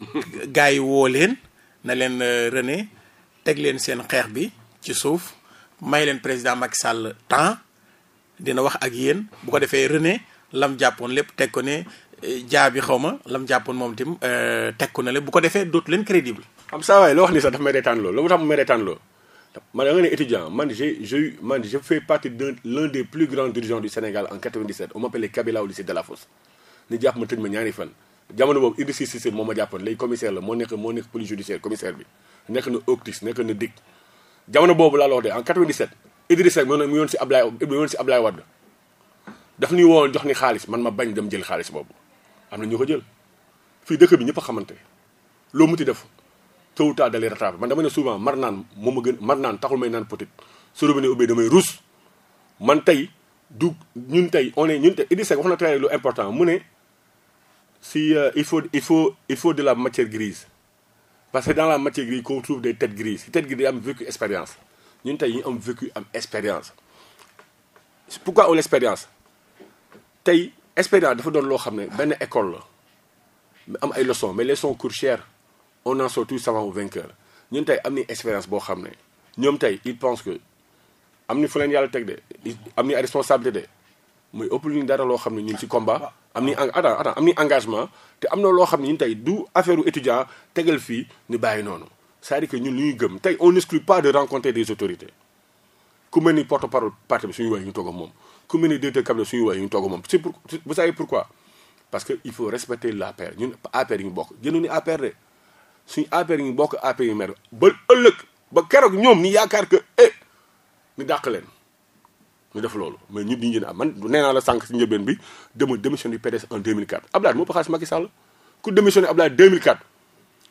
gars yi woo leen na leen René teg leen seen xeex bi ci suuf. may leen président Macky Sall temps dina wax ak yéen bu ko defee René lam jàppoon lépp teg ko ne eh, lam jàppoon moom tim eh, teg lépp bu ko defee dootu leen crédible. am saa waay loo wax ni sax dafa may reetaan loolu lu tax mu may man da ne étudiant man j'ai j'ai man je fais partie de des plus grands dirigeants du Sénégal en 97 on m'appelait Kabila au lycée Delafosse ñu jàpp ma tëj ma ñaari fan. jamono boobu Idrissa Cissé moo ma jàppoon léegi commissaire la moo nekk jamono boobu laa la wax de en 97 Idriss Seck mu ne mu yoon si Ablaye mu yoon si Ablaye Wade daf ñuy woon jox ni xaalis man ma bañ dem jël xaalis boobu am na ñu ko jël fii dëkk bi ñëpp a xamante loo mu muti def tôt ou tard da lay rattrapé man dama ne souvent mar naan moom ma gën mar naan taxul may naan peut-être su robinet ubbee damay ruus man tey du ñun tey on est ñun tey Idriss Seck wax na tey lu important mu ne si euh, il faut il faut il faut de la matière grise parce que dans la matière grise qu'on trouve des têtes grises si tête grise day am vécu expérience ñun tey ñu am vécu am expérience pourquoi on l'expérience tey expérience dafa doon loo xam ne benn école la mu am ay leçons mais leçons coûtent cher on en sort tous savants ou vainqueurs ñun tey am ni expérience boo xam ne ñoom tey ils pensent que am ni fu leen yàlla teg de am ni ay responsabilité de muy ëpp lu ñu dara loo xam ne ñun ci combat am ni attends attends am ni engagement te am na loo xam ne ñun tey du affaire u étudiant tegal fii ñu bàyyi noonu c'est-à-dire ñun lu ñuy gëm tey on n'exclut pas de rencontrer des autorités ku mel ni porte-parole parti bi suñu woy ñu toog moom ku mel ni directeur cabinet suñu woy ñu toog moom c'est pour vous savez pourquoi parce que il faut respecter l'APR ñun APR yi ñu bokk jëndu ni APR de suñu APR yi ñu bokk APR yu mer ba ëllëg ba keroog ñoom ni yaakaar que eh ni dàq leen ñu def loolu mais ñun ñu jën am man nee naa la sànq si njëlbeen bi dama démissionné du PDS en 2004 Abdoulaye moo fa xaalis Macky Sall ku démissionné Abdoulaye 2004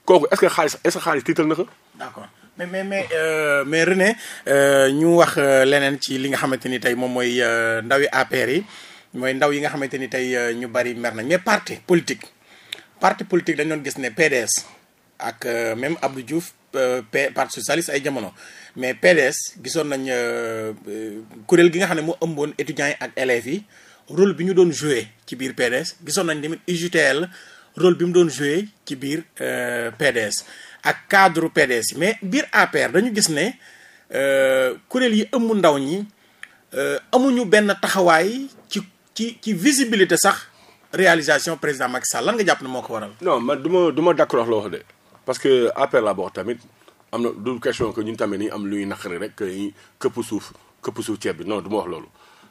kooku est-ce que xaalis est-ce que xaalis tiital na ko. d'accord mais mais mais euh, mais René euh, ñu wax euh, leneen ci li nga xamante ni tey moom mooy euh, ndawi APR yi mooy ndaw yi nga xamante ni tey ñu bari mer nañ mais parti politique parti politique dañu doon gis ne PDS. ak euh, même Abdou Diouf euh, P parti socialiste ay jamono mais PDS gisoon nañ euh, kuréel gi nga xam ne moo ëmboon étudiants yi ak élèves yi rôle bi ñu doon joué ci biir PDS gisoon nañ tamit UJTL rôle bi mu doon joué ci biir PDS ak cadre PDS mais biir APR dañu gis ne kuréel yi ëmb ndaw ñi amuñu benn taxawaay ci ci ci visibilité sax réalisation président Macky Sall lan nga jàpp ne moo ko waral. non du ma du ma d'accord loo de. parce que appel la boo tamit am na du question que ñun tamit ni am luy naqari rek que këpp suuf këpp suuf ceeb bi non du ma wax loolu.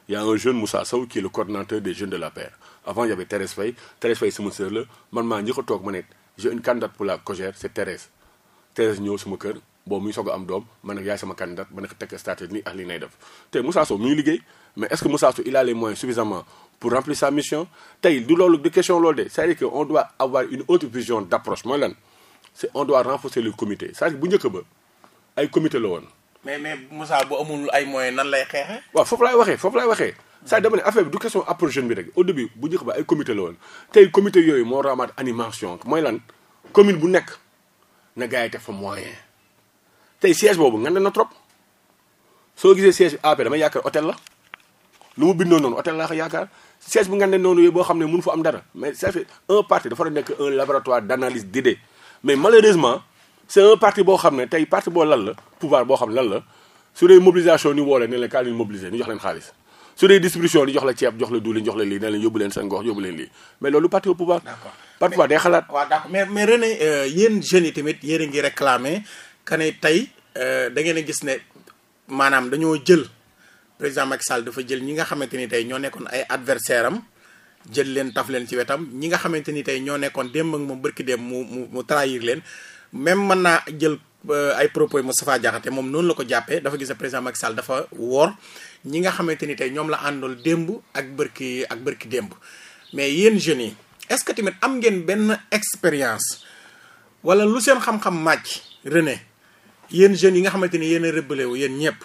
y a un jeune Moussa Sow qui est le coordonnateur des jeunes de l'APR avant y avait Thérèse Faye Thérèse Faye sama sœur la man maa njëkk a toog ma ne j'ai une candidate pour la Cogère c'est Thérèse Thérèse ñëw sama kër boobu muy soog a am doom man nag yaay sama candidate ma ne teg statut ni ak ah, li nay def te Moussa Sow mi a c'est on doit renforcer le comité cest à bu njëkk ba ay comité la woon. mais mais Moussa bu amul ay moyen nan lay xeexee. waaw foofu laay waxee foofu laay waxee. saa dama ne affaire bi du question approche jeune bi tey comité yooyu moo ramaat animation mooy lan commune bu nekk na gars yi def fa moyen boobu nga ne na trop soo gisee siège bi AP dama yaakaar hôtel la lu mu bindoo noonu hôtel laa ko yaakaar siège bu nga ne noonu yooyu boo xam ne mënu fa am dara mais ça fait un parti dafa war nekk un laboratoire d'analyse d'idées mais malheureusement c'est un parti boo xam ne tey parti boo lan la pouvoir boo xam lan la su dee mobilisation ni woo leen ne la kaa leen mobiliser ñu jox leen xaalis su dee distribution di jox la ceeb jox la diwlin jox la lii ne leen yóbbu leen seen gox yóbbu leen lii mais loolu parti au pouvoir. d'accord parti pouvoir day xalaat. mais mais René euh, yéen jeunes yi tamit yéen a ngi réclamer ka ne tey euh, da ngeen gis ne maanaam dañoo jël président Macky Sall dafa jël ñi nga xamante ni tey ñoo nekkoon ay adversaire am. jël leen taf leen ci wetam ñi nga xamante ni tey ñoo nekkoon démb ak moom bërki dem mu mu mu trahir leen même mën naa jël euh, ay propos Moustapha Diakhaté moom noonu la ko jàppee dafa gis ne président Macky woor ñi nga xamante ni tey ñoom la àndool démb ak bërki ak bërki démb mais yéen jeunes yi est-ce que tamit am ngeen benn expérience wala lu seen xam màcc René yéen jeunes yi nga xamante ni yéen a rébellé wu yéen ñëpp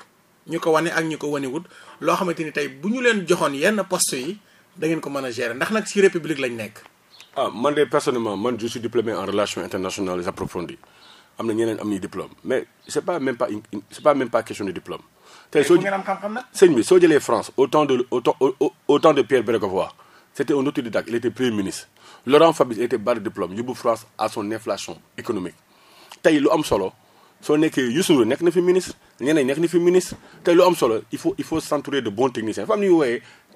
ñu ko wane ak ñu ko wanewut loo xamante ni tey bu ñu leen joxoon yenn poste yi dangeen ngeen ko mën a gérer ndax nag ci république lañ nekk. ah man de personnellement man je suis diplômé en relations internationales approfondies am na ñeneen am ñuy diplôme mais c' pas même pas question de diplôme. tey soo ngeen France au temps de au temps au temps de Pierre il était premier ministre Laurent Fabius était barre de diplôme yóbbu France à son inflation économique tey lu am solo. soo nekkee Youssou Ndour nekk na fi ministre ñeneen nekk na fi ministre te lu am solo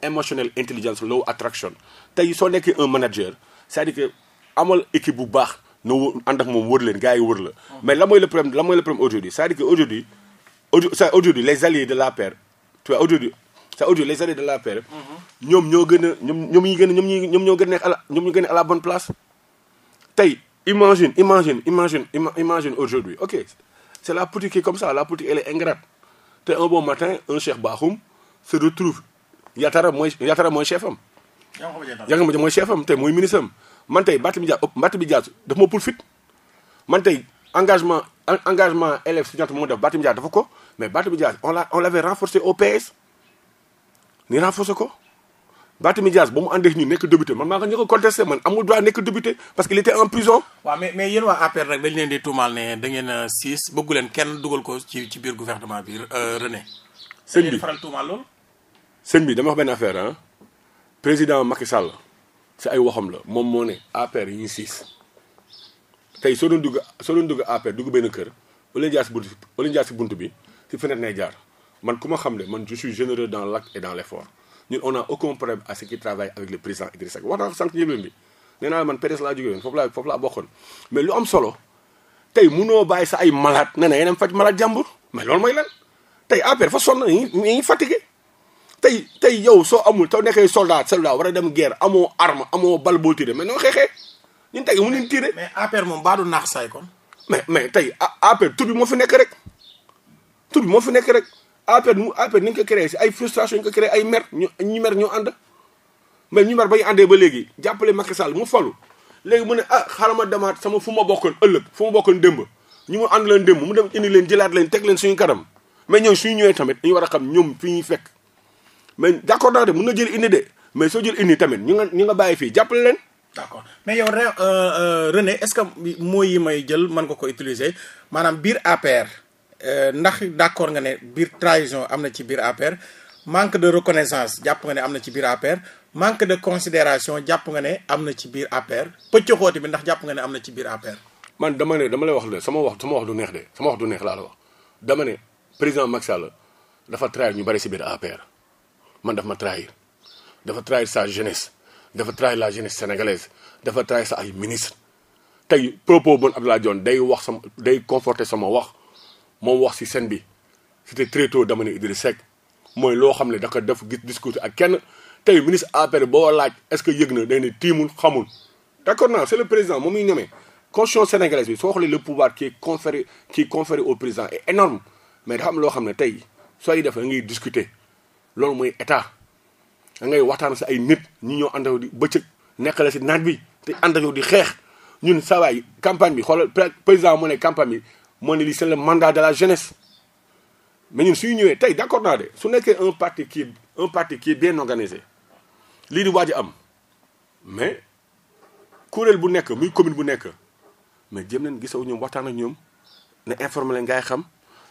emotional intelligence low attraction tey soo nekkee un manager cest à amal équipe bu baax no ànd ak moom wër leen gars yi wër la mais la mooy le problème la mooy le problème aujourd'hui c'est-à-dire aujourd'hui c'est aujourd'hui les alliés de la tu vois aujourd'hui c'est aujourd'hui les alliés de l'APR ñoom ñoo gën a ñoom ñoom ñi gën a ñoom ñi ñoom ñoo gën a à la ñoom ñu gën à la bonne place tey imagine imagine imagine imagine aujourd'hui ok c'est la politique qui est comme ça la politique elle est ingrate te un bon matin un Cheikh Bakhoum se Yatara mooy Yatara mooy chef am. Yankoba Diattara mooy chef am te mooy ministre am man tey Barthélémy Dias dafa moo def Barthélémy Dias dafa ko mais Barthélémy Dias on l'a on l'avait renforcé ni renforcé ko Barthélémy ba mu ànd ak ñu nekk député man maa ko ñu ko contesté man amul droit nekk député parce qu'il était en prison. mais mais waa APR rek dañ leen di tuumaal ne da siis bëggu leen kenn dugal ko ci ci biir gouvernement bi René. sëñ bi sëñ bi dama wax benn affaire ah président Macky Sall si ay waxam la moom moo ne APR yi ñuy siis tey soo doon dugg soo doon dugg APR dugg benn kër ba leen jaar si buntu ba leen si buntu bi si fenêtre nay jaar man ku ma xam ne man je suis généreux dans dans l'effort ñun on a aucun problème à ce qui travaille avec bi nee naa man PDS laa jógee woon foofu laa foofu laa bokkoon mais lu am solo tey munoo bàyyi sa ay malade nee na yeneen faj malade jàmbur mais loolu mooy lan tey APR fa sonn nañu ñu fatigué tey tey yow soo amul taw nekkee soldat soldat war a dem guerre amoo arme amoo bal boo tiré mais noo xeexee ñun tey mu leen tiré. mais APR moom baadu naax saay kon. mais mais tey APR tur bi moo fi nekk rek tur bi moo fu nekk rek APR mu APR ni ñu ko créé si ay frustration ñu ko créé ay mer ñu ñu mer ñoo ànd mais ñu mer ba ñu àndee ba léegi jàppale Macky Sall mu falu léegi mu ne a ah, xaaral ma demaat sama fu ma bokkoon ëllëg fu ma bokkoon démb ñu mu ànd leen démb mu dem indi leen leen teg leen suñu kanam mais ñoom suñu ñëwee tamit dañu war a xam ñoom fi ñuy fekk mais d' accord naa de nga jël indi mais soo jël indi tamit ñu nga ñu nga bàyyi fii jàppale leen. d' mais yow euh, euh, René est ce que mooy yi may jël mën nga ko utiliser maanaam biir APR euh, ndax d' accord nga ne biir trahison am na ci biir APR manque de reconnaissance jàpp nga ne am na ci biir APR manque de considération jàpp nga ne am na ci biir APR pëccoxooti bi ndax jàpp nga ne am na ci biir APR. man dama ne dama lay wax de sama wax sama wax du neex de sama wax du neex laa la wax dama ne président Macky Sall dafa trahir ñu bari si biir APR. man daf ma trahir dafa trahir sa jeunesse dafa trahir la jeunesse sénégalaise dafa trahir sa ay ministre tey propos bon Abdoulaye Dione day wax sama day conforter sama wax moom wax ci seen bi c'était très tôt dama ne Idrissa sec mooy loo xam ne dafa def gis discuter ak kenn tey ministre APR boo laaj est-ce que yëg na day ne tiimul xamul d'accord naa c'est le président moom muy ñemee constitution sénégalaise bi soo xoolee le pouvoir qui est conféré qui est conféré au président est mais am loo xam ne tey sooy def da ngay loolu mooy état da ngay waxtaan si ay nit ñi ñoo ànd ak di bëccëg nekk la si naaj bi te ànd ak di xeex ñun sawaay campagne bi xoolal président moo ne campagne bi moo ne lii c'est le mandat de la jeunesse mais ñun suñu ñëwee tey d'accord naa de su nekkee un parti qui est un parti qui est bien organisé lii di waaj am mais kuréel bu nekk muy commune bu nekk mais jëm leen gisaw ñoom waxtaan ak ñoom ne informe leen ngay xam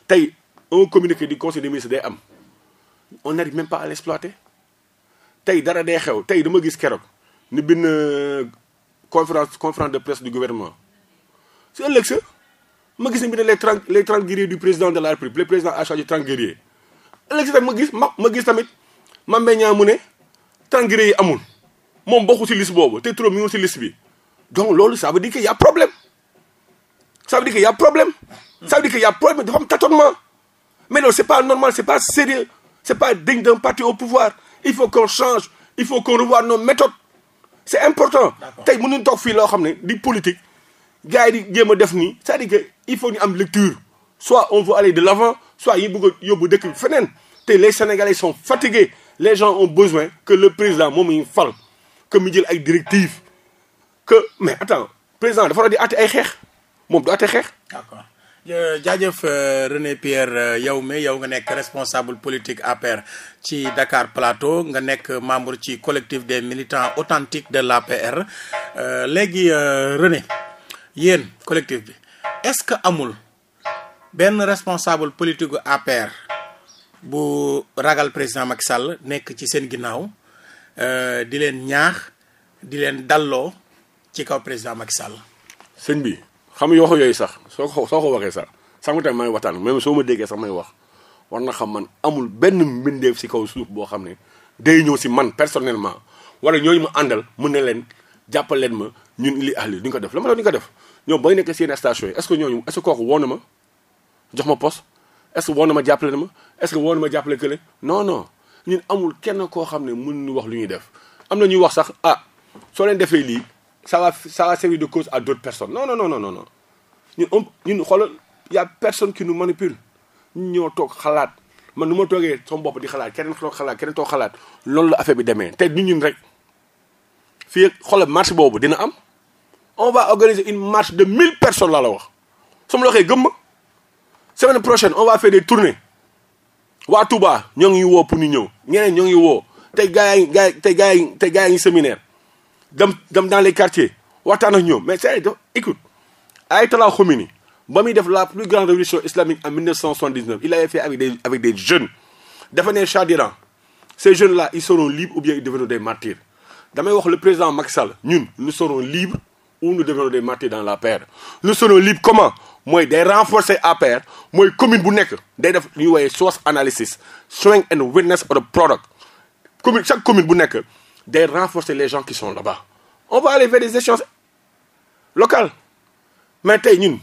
tey un communiqué di conseil des ministres day am. on n'arrive même pas à l'exploiter tey dara day xew tey dama gis keroog ni benn euh, conférence conférence de presse du gouvernement si ëllëg sa ma gis ne bi ne les trente les trente guerriers du président de la république le président a chargé trente guerriers ëllëg sa tamit ma gis ma ma gis tamit ma meññaa mu ne trente guerriers yi amul moom bokku ci liste boobu te trop mi ngi bi donc loolu ça veut dire problème ça veut dire y problème ça veut dire a problème dafa am tâtonnement mais loolu c'est pas normal c'est pas sérieux c'est pas digne d'un parti au pouvoir il faut qu'on change il faut qu'on revoie nos méthodes c'est important tey mënuñ toog fii loo xam ne di politique gars yi di jéem a def nii c'est-à-dire que il faut ñu am lecture soit on veut aller de l'avant soit yi bëgg a yóbbu dëkk bi feneen te les sénégalais sont fatigués les gens ont besoin que le président moom ñu fal que mu jël ay directives que mais attends président dafa war di àtte ay xeex moom du àtte xeex jaajëf euh, René Pierre euh, yow mi yow nga nekk responsable politique APR ci Dakar Plateau nga nekk membre ci collectif des militants authentiques de l'APR euh, léegi René yéen collectif bi est-ce que amul benn responsable politique gu APR bu ragal président Macky Sall nekk ci seen ginnaaw di leen ñaax di leen dalloo ci kaw président Macky Sall. bi xam yoo yooyu sax. soo ko soo ko waxee sax sànq tamit may waxtaan même soo ma déggee sax may wax war na xam man amul benn mbindeef si kaw suuf boo xam ne day ñëw si man personnellement wala ñooñu ma àndal mun ne leen jàppal leen ma ñun li ahli duñ ko def la ma la duñ ko def ñoom bay nekk seen station yi est-ce que ñooñu est-ce que kooku ma jox ma poste est-ce que na ma jàppale na ma est-ce que woo ma jàppale kële noo non ñun amul kenn koo xam ne mën ñu wax lu ñuy def am na ñuy wax sax ah soo leen defee lii ça va ça va servir de cause à d'autres personnes non ñu on ñu xoolal y' a personne qui nous manipule ñun ñoo toog xalaat man nu ma toogee sama bopp di xalaat keneen toog xalaat keneen toog xalaat loolu la affaire bi demee te du ñu rek fii xoolal marche boobu dina am on va organiser une marche de mille personnes laa la wax su ma la waxee gëm ma semaine prochaine on va faire des tournées waa Touba ñoo ngi woo pour ñu ñëw ñeneen ñoo ngi woo te gars yi gars te tey gars yi tey gars yi séminaire dem dem dans les quartiers waxtaan ak ñëw mais c'est écoute Ayatollah Khomeini ba muy def la plus grande révolution islamique en 1979 il l'avait fait avec des jeunes dafa ne Shah d'Iran ces jeunes là ils seront libres ou bien ils deviendront des martyrs damay wax le président Macky Sall ñun nous serons libres ou nous deviendrons des martyrs dans l'APR nous serons libres comment mooy des renforcer APR mooy commune bu nekk day def lu ñuy woowee source analysis strength and weakness of the product commune chaque commune bu nekk des renforcer les gens qui sont là-bas on va aller vers mais tey ñun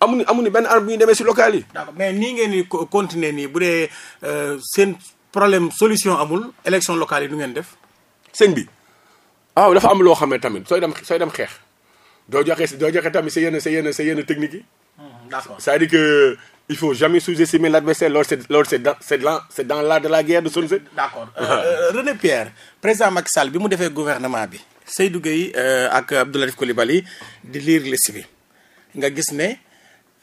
amuñu amuñu benn arme bu ñu demee si local yi. d'accord mais nii ngeen di continuer nii bu dee euh, seen problème solution amul élection locale yi nu ngeen def. sëñ bi waaw ah, dafa am loo xam ne tamit sooy dem sooy dem xeex doo joxe doo joxe tamit sa yenn sa yenn sa yenn technique yi. Mmh, d'accord c'est-à-dire que. il faut jamais sous-estimer l'adversaire loolu c'est loolu c'est dans c'est de la guerre de Sun Tzu. d'accord ah. euh, René Pierre président Macky Sall bi mu defee gouvernement bi Seydou Gueye euh, ak Abdoulaye Coulibaly di lire liste bi. nga gis ne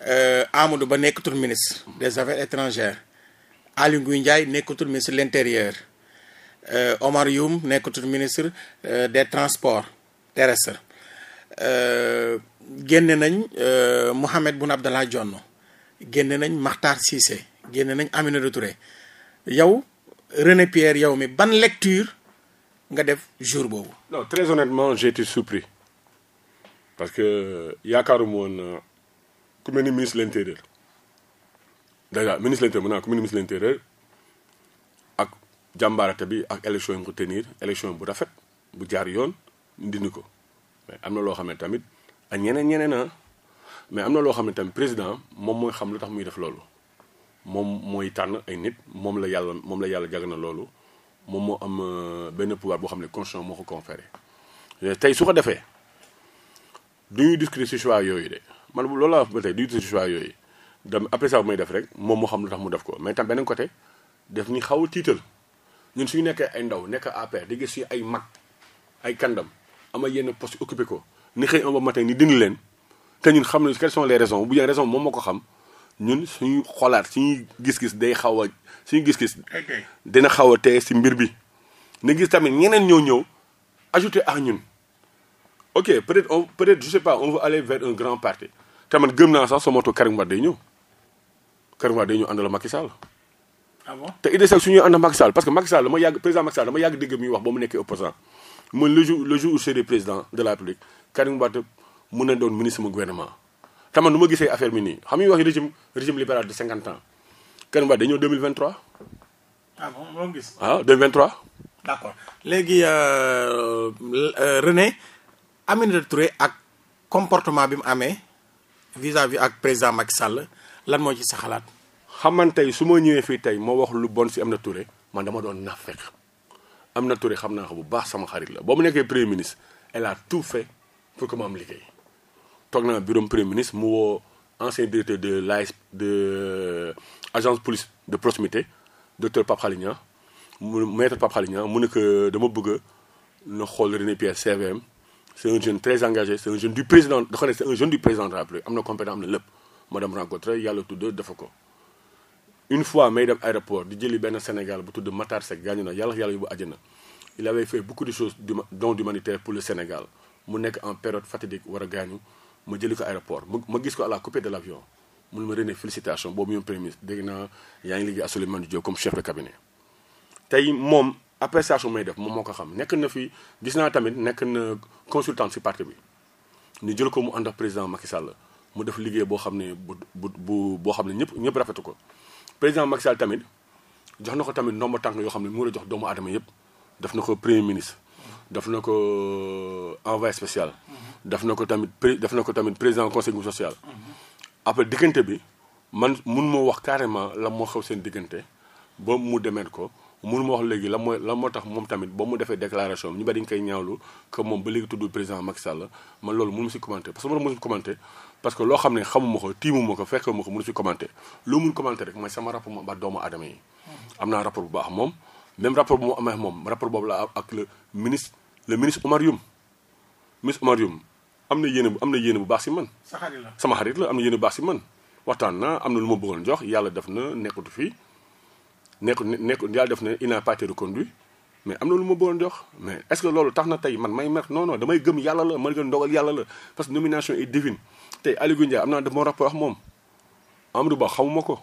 euh, Amadou Ba nekkatul ministre des affaires étrangères Aly Ngouille Ndiaye nekkatul ministre de l'intérieur euh, Omar Youm nekkatul ministre euh, des transports terrestres génne nañ Mohamed Boun Abdallah Dionne génne nañ Makhtar Cissé génne nañ de Touré yow René Pierre yow mi ban lecture nga def jour boobu. non très honnêtement j'ai parce que yaakaaruma woon ku mel ni ministre de l'intérieur déjà ministre de l'intérieur mu naa ku mel ministre de l'intérieur ak jàmbaarate bi ak élection yi nga ko tenir élection bu rafet bu jaar yoon dindi ko mais am na loo xam ne tamit ak ñeneen ñeneen ah, mais am na loo xam ne tamit président moom mooy xam lu tax muy def loolu moom mooy tànn ay nit moom la yàlla moom la yàlla jag na loolu moom moo am euh, benn pouvoir boo xam ne constitution moo ko conféré tey su ko defee. du duñu discuter si choix yooyu de man loolu laa wax ba tey duñu discuter si choix yooyu dem après ça bu may def rek moom moo xam lu tax mu def ko mais tam beneen côté def ñu xaw a tiital ñun suñu nekkee ay ndaw nekk APR di si ay mag ay kandam ama yenn poste occupé ko ni xëy un ba matin ni dindi leen te ñun xam ne quelles sont les raisons bu jeex raison moom moo ko xam ñun suñu xolaat suñuy gis-gis day xaw a suñu gis-gis dina xaw a teye si mbir bi na gis tamit ñeneen ñëw ñëw ajouté ah ñun ok peut-être on peut-être je sais pas on veut aller vers un grand parti te man gëm naa sax soo moytuwul Karim Wade day ñëw Karim Wade ñëw àndal Macky Sall. ah bon te Idrissa Seck su ñuy ànd ak Macky Sall parce que Macky Sall dama yàgg président Macky Sall dama yàgg dégg muy wax ba nekkee opposant man le jour le jour où je président de la République Karim Wade mun na doon ministre mu gouvernement. te man ma gisee affaire bi nii xam nga wax régime régime libéral de 50 ans Karim Wade day ñëw 2023. ah bon Aminata Touré ak comportement bi mu amee vis-à-vis ak président Macky Sall lan moo ci sa xalaat. xam man tey su ma ñëwee fii tey moo wax lu bon si am na Touré man dama doon am na Touré xam naa ko bu baax sama xarit la boo mu nekkee premier ministre elle a tout fait pour que mu am liggéey toog naa bureau premier ministre mu woo ancien directeur de l'AS de agence police de proximité docteur Pape Khalinia mu maître Pape Khalinia mu ne que dama bëgg na xool René Pierre c' est un jeune très engagé c' est un jeune du président dafa ne c' un jeune du président de am na compétence am na lépp ma dem rencontré yàlla tudd dafa ko. une fois may dem aéroport di jëli benn Sénégal bu tudd Matar gaañu na yàlla yàlla yóbbu àjjana il avait fait beaucoup de choses dons d'humanitaire pour le Sénégal mu nekk en période fatidique war a gaañu ma jëli ko aéroport ma gis ko à la copée de l' avion mun ma René félicitation boobu ñoom premier dégg naa yaa appréciation may def moom moo ko xam nekk na fi gis naa tamit nekk na consultant si parti bi ñu jël ko mu ànd ak président Macky Sall mu def liggéey boo xam ne bu bu bu boo xam ne ñëpp ñëpp rafetu ko président Macky Sall tamit jox na ko tamit ndomba tànk yoo xam ne mu la jox doomu aadama yëpp def na ko premier ministre daf na ko euh, envoyé spécial daf na ko tamit daf na ko tamit président conseil social après diggante bi man mun moo wax carrément la moo xew seen diggante ba mu demeet ko mënu ma wax léegi la mooy la moo tax moom tamit ba mu defee déclaration bi ñu bari dañu koy ñaawlu que moom ba léegi tudd président Macky Sall man loolu mënu si si commenté parce que loo ne xamuma ko tiimuma ko fekkuma ko mënu si commenté loo mun commenté rek mooy sama rapport ba doomu aadama yi am na rapport bu baax moom même rapport bu mu amee moom rapport boobu la ak le ministre le ministre Oumar Youm ministre Oumar Youm am na yéene am na yéene bu baax si man sama xarit la am na yéene bu baax si man waxtaan na am na lu ma bëggoon jox yàlla def na nekkatu fii nekkul nekku yàlla def na il n'a pas été reconduit mais am na lu ma bëggoon jox mais est-ce que loolu tax na tey man may mer non non damay gëm yàlla la ma gën ndogal yàlla la parce que nomination est divine tey Aliou Ndiaye am naa def moo rapport wax moom Amadou Ba xamuma ko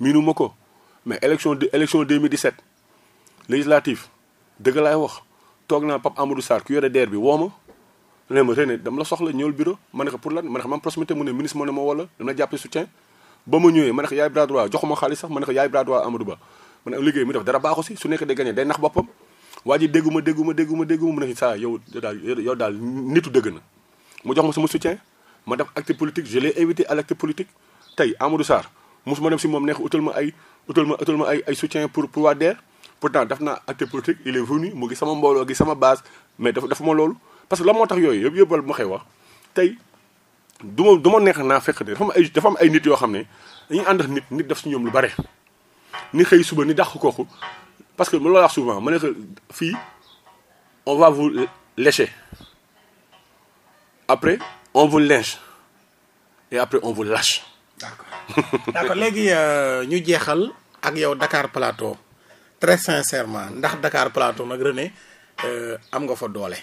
miinuma ko mais élection de élection 2017 législative dëgg laay wax toog naa Pape Amadou Sarr ku yore DER bi woo ma ne ma René dama la soxla ñëwal bureau ma ne pour lan ma ne wala dama la jàppale ba ma ñëwee ma ne ko yaay bras droit joxuma sax ma ne ko yaay bras Ba ma liggéey mu def dara baaxu si su nekk day gagné day nax boppam waa ji dégguma dégguma dégguma dégguma mu ne saa yow daal yow daal nitu dëgg na mu jox ma sama soutien ma def acte politique je l'ai invité à l'acte politique tey Amadou Sarr mosuma dem si moom nekk utal ma ay utal ma utal ma ay ay soutien pour pour waa DER pourtant def naa acte politique il mu gis sama mbooloo gi sama base mais dafa dafa ma loolu parce que la yooyu yëpp yëpp ma xëy wax tey du ma du ma neex naa fekk de dafa am ay dafa am nit yoo xam ne dañuy ànd ak nit nit def si ñoom lu bare. ni xëy suba ni dàq kooku parce que loolu wax souvent ma ne que fii on va vous lécher après on vous linge et après on vous lâche. d'accord d'accord léegi euh, ñu jeexal ak yow Dakar Plateau très sincèrement ndax Dakar Plateau nag René euh, am nga fa doole.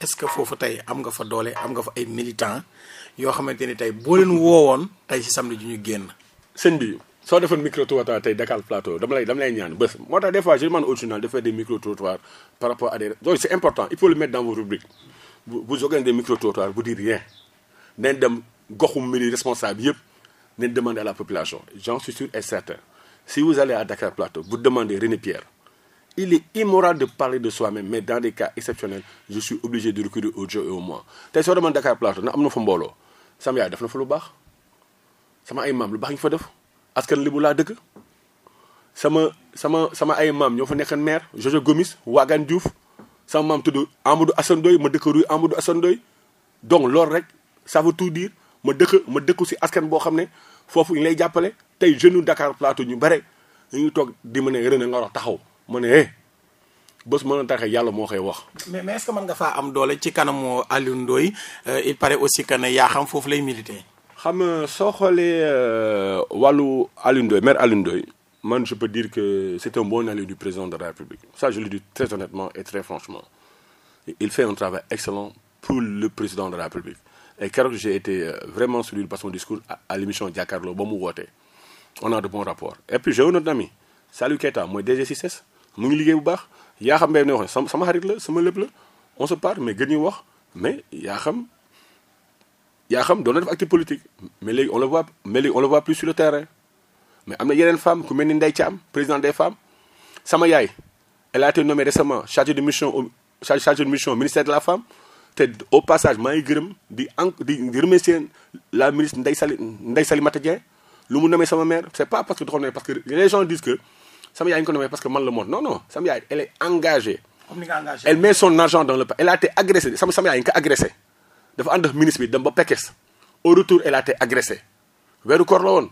est-ce que foofu tey am nga fa doole am nga fa ay militants. yoo xamante ni tey boo leen woon tey si samedi ji ñu génn. sëñ bi soo defoon micro trottoir tey Dakar Plateau dama lay dama lay ñaan bés moo tax des je demande au journal de faire des micro trottoirs par rapport à des donc c'est important il faut le mettre dans vos bu bu organisez des dem goxu mbiri responsable yëpp nañ demander la population j'en suis sûr et certain si vous allez à Dakar Plateau vous demandez René Pierre. il est immoral de parler de mais dans des cas exceptionnels je suis soo demoon Dakar Plateau na am na fa mbooloo sama yaay def na fa lu baax sama ay maam lu baax ñu fa def askan li bu laa dëkk sama sama sama ay maam ñoo fa nekkan maire Jojo Gomis Wagan Diouf sama maam tudd Amadou Assane Ndoye ma dëkk rue Amadou Assane Ndoye donc loolu rek ça veut tout dire ma dëkk ma dëkku si askan boo xam ne foofu ñu lay jàppale tey jeune dakaar Plateau ñu bare ñu ngi toog di ma ne René Ngor taxaw ma ne eh, bés mën a taxee yàlla moo koy wax. mais mais est que mën nga faa am doole ci kanamu Aliou Ndoye euh, il paraît aussi que ne yaa xam foofu lay militer. xam soo xoolee euh, wàllu Aliou Ndoye maire Aliou Ndoye man je peux dire que c'est un bon allié du président de la République ça je le dis très honnêtement et très franchement il fait un travail excellent pour le président de la République et keroog j'ai été euh, vraiment soutenu par son discours à l'émission Jakaarlo ba mu wootee on yaa xam mbay mi wax sama xarit la sama lépp la on se parle mais gën wax mais yaa xam yaa xam doon na def politique mais léegi on le voit mais léegi on le voit plus sur le terrain mais am na yeneen femme ku mel ni Ndeye Thiam président des femmes sama yaay elle a été nommée récemment chargée de mission au chargée ministère de la femme te au passage maa ngi gërëm di en di remercier la ministre Ndeye Sali Ndeye Salimata Dieng lu mu nommé sama maire c'est pas parce que doxal na parce que les gens que. sama yaay ñu ko parce que man la moon non non sama yaay elle est engagée. comme ni nga engagé elle met son argent dans le pain elle a été agressée sama sama yaay ñu ko agressé dafa ànd ak ministre bi dem ba Pekes au retour elle a été agressée weeru koor la woon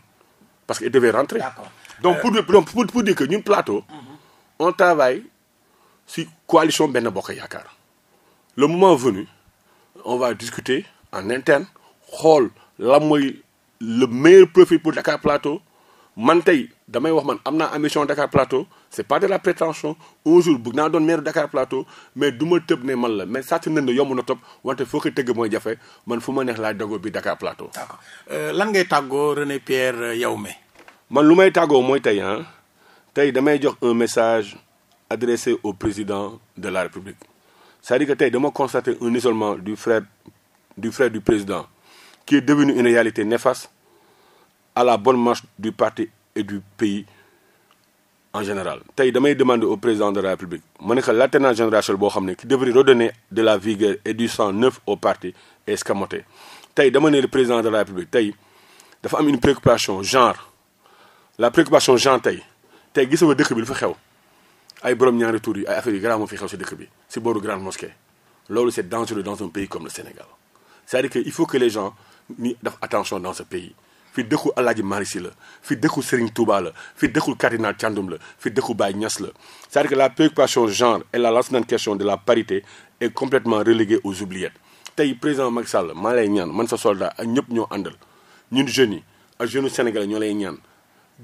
parce que elle devait rentrer. d'accord donc pour dire euh, que ñun plateau. Mhm. on travaille sur coalition Benno Bokk Yaakaar le moment venu on va discuter en interne xool lan mooy le meilleur profil pour Dakar Plateau man tey damay wax man am naa ambition Dakar Plateau c' est pas de la prétention un jour bëgg naa doon maire Dakar Plateau mais du ma tëb ne man la mais sàcc nañ la yomb na wante foo ko tëgg mooy jafe man fu ma neex laa dagoo bi Dakar Plateau. d'accord euh, lan ngay tàggoo René Pierre euh, Yahoume. man lu may tàggoo mooy tey ah tey damay jox un message adressé au président de la République cest à que tey dama constater un isolement du frère du frère du président qui est devenu une à la bonne marche du parti et du pays en général tey damay demande au président de la république ma ne que l'alternance générationnelle boo xam ne ki devrait redonner de la vigueur et du sang neuf au parti est escamoté tey dama ne le président de la république tey dafa am une préoccupation genre la préoccupation genre tey tey gisoo dëkk bi lu fa xew ay borom ñaari tour yi ay affaires yu fi xew si dëkk bi si booru grande mosquée loolu c'est dangereux dans un pays comme le Sénégal c'est-à-dire que il attention dans fi dëkku Alaaji Maalik Si la fi dëkku Serigne Touba la fi dëkku cardinal Thiandoum la fi dëkku Baye Niass la c'est-à-dire que la préoccupation genre et la lancinante question de la parité et complètement reléguée aux oubliettes tey président mag Sall ma lay ñaan man sa soldat ak ñëpp ñoo àndal ñun jeunes yi ak jeunes sénégal ñoo lay ñaan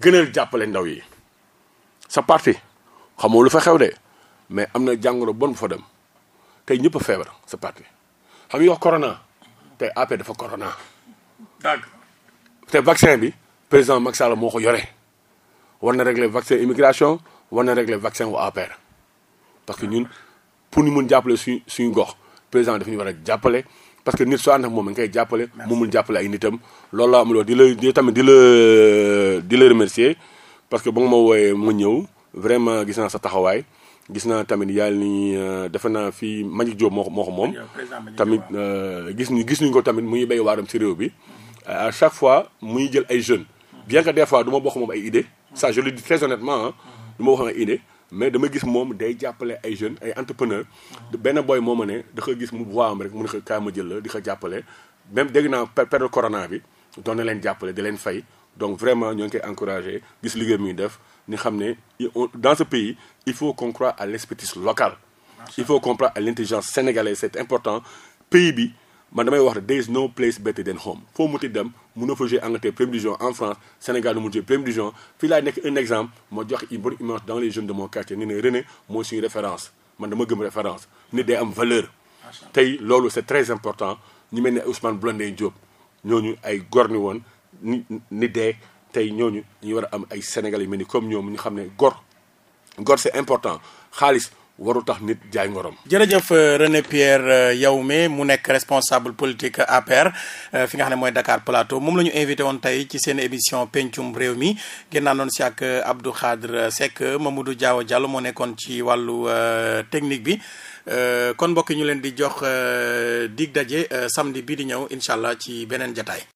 gënal jàppale ndaw yi sa parti xamoo lu fa xew de mais am na jàngoro bon fa dem tey ñëpp feebar sa parti xam nga corona tey AP dafa te vaccin bi président Macky Sall moo ko yore war na régler vaccin immigration war na régler vaccin wu APR e parce que ñun pour ñu mun jàppale suñu suñu gox président daf ñu war a jàppale parce que nit soo ànd ak moom nga koy jàppale. mu mun jàppale ay nitam. loolu laa amuloo di la di tamit di la di la remercier parce que ba nga ma wooyee mu ñëw vraiment gis naa sa taxawaay. gis naa tamit yàlla ni euh, defe naa fii Magic Diop moo ko moo ko moom tamit euh, gis ni gis nañu ko tamit mu ngi béy waaram ci réew bi à chaque fois muy jël ay jeunes bien que des fois du ma bokk moom ay idée ça je le dis très honnêtement ah du ma wax ay idée mais dama gis moom day jàppale ay jeunes ay entrepreneur mm-hmm. benn booy moo ma ne da gis mu voie am rek mu ne ko kaa ma jël la di ko jàppale même dégg naa période corona bi doon na leen jàppale di leen fay donc vraiment ñoo ngi koy encouragé gis liggéey muy def ni xam ne dans ce pays il faut qu'on croit à l'expertise local il faut qu'on croit à l'intelligence important pays bi man damay wax ne there is no place better than home foo muti dem mun na fa jouer Angleterre première division en France Sénégal nu mu jouer première division fii laay nekk un exemple moo jox i bonne image dans les jeunes de mon quartier ni ne René mooy suñu référence man dama gëm référence nit day am valeur tey loolu c'est très important ñu mel ne Ousmane Blondin Diop ñooñu ay gor ni woon ni ni dee tey ñooñu ñu war a am ay Sénégalais yu mel ni comme ñoom ñu xam ne gor gor c'est important xaalis waru tax nit jaay ngorom. jërëjëf euh, René Pierre euh, Yahoume mu nekk responsable politique APR euh, fi nga xam ne mooy Dakar Plateau moom la ñu invité woon tey ci seen émission pencum réew mi ngeen naandoon si ak Abdou Khadre Seck Mamadou Diaw jàll moo nekkoon ci wàllu technique bi kon mbokk ñu leen di jox dig daje samedi bi di ñëw incha allah ci beneen jataay.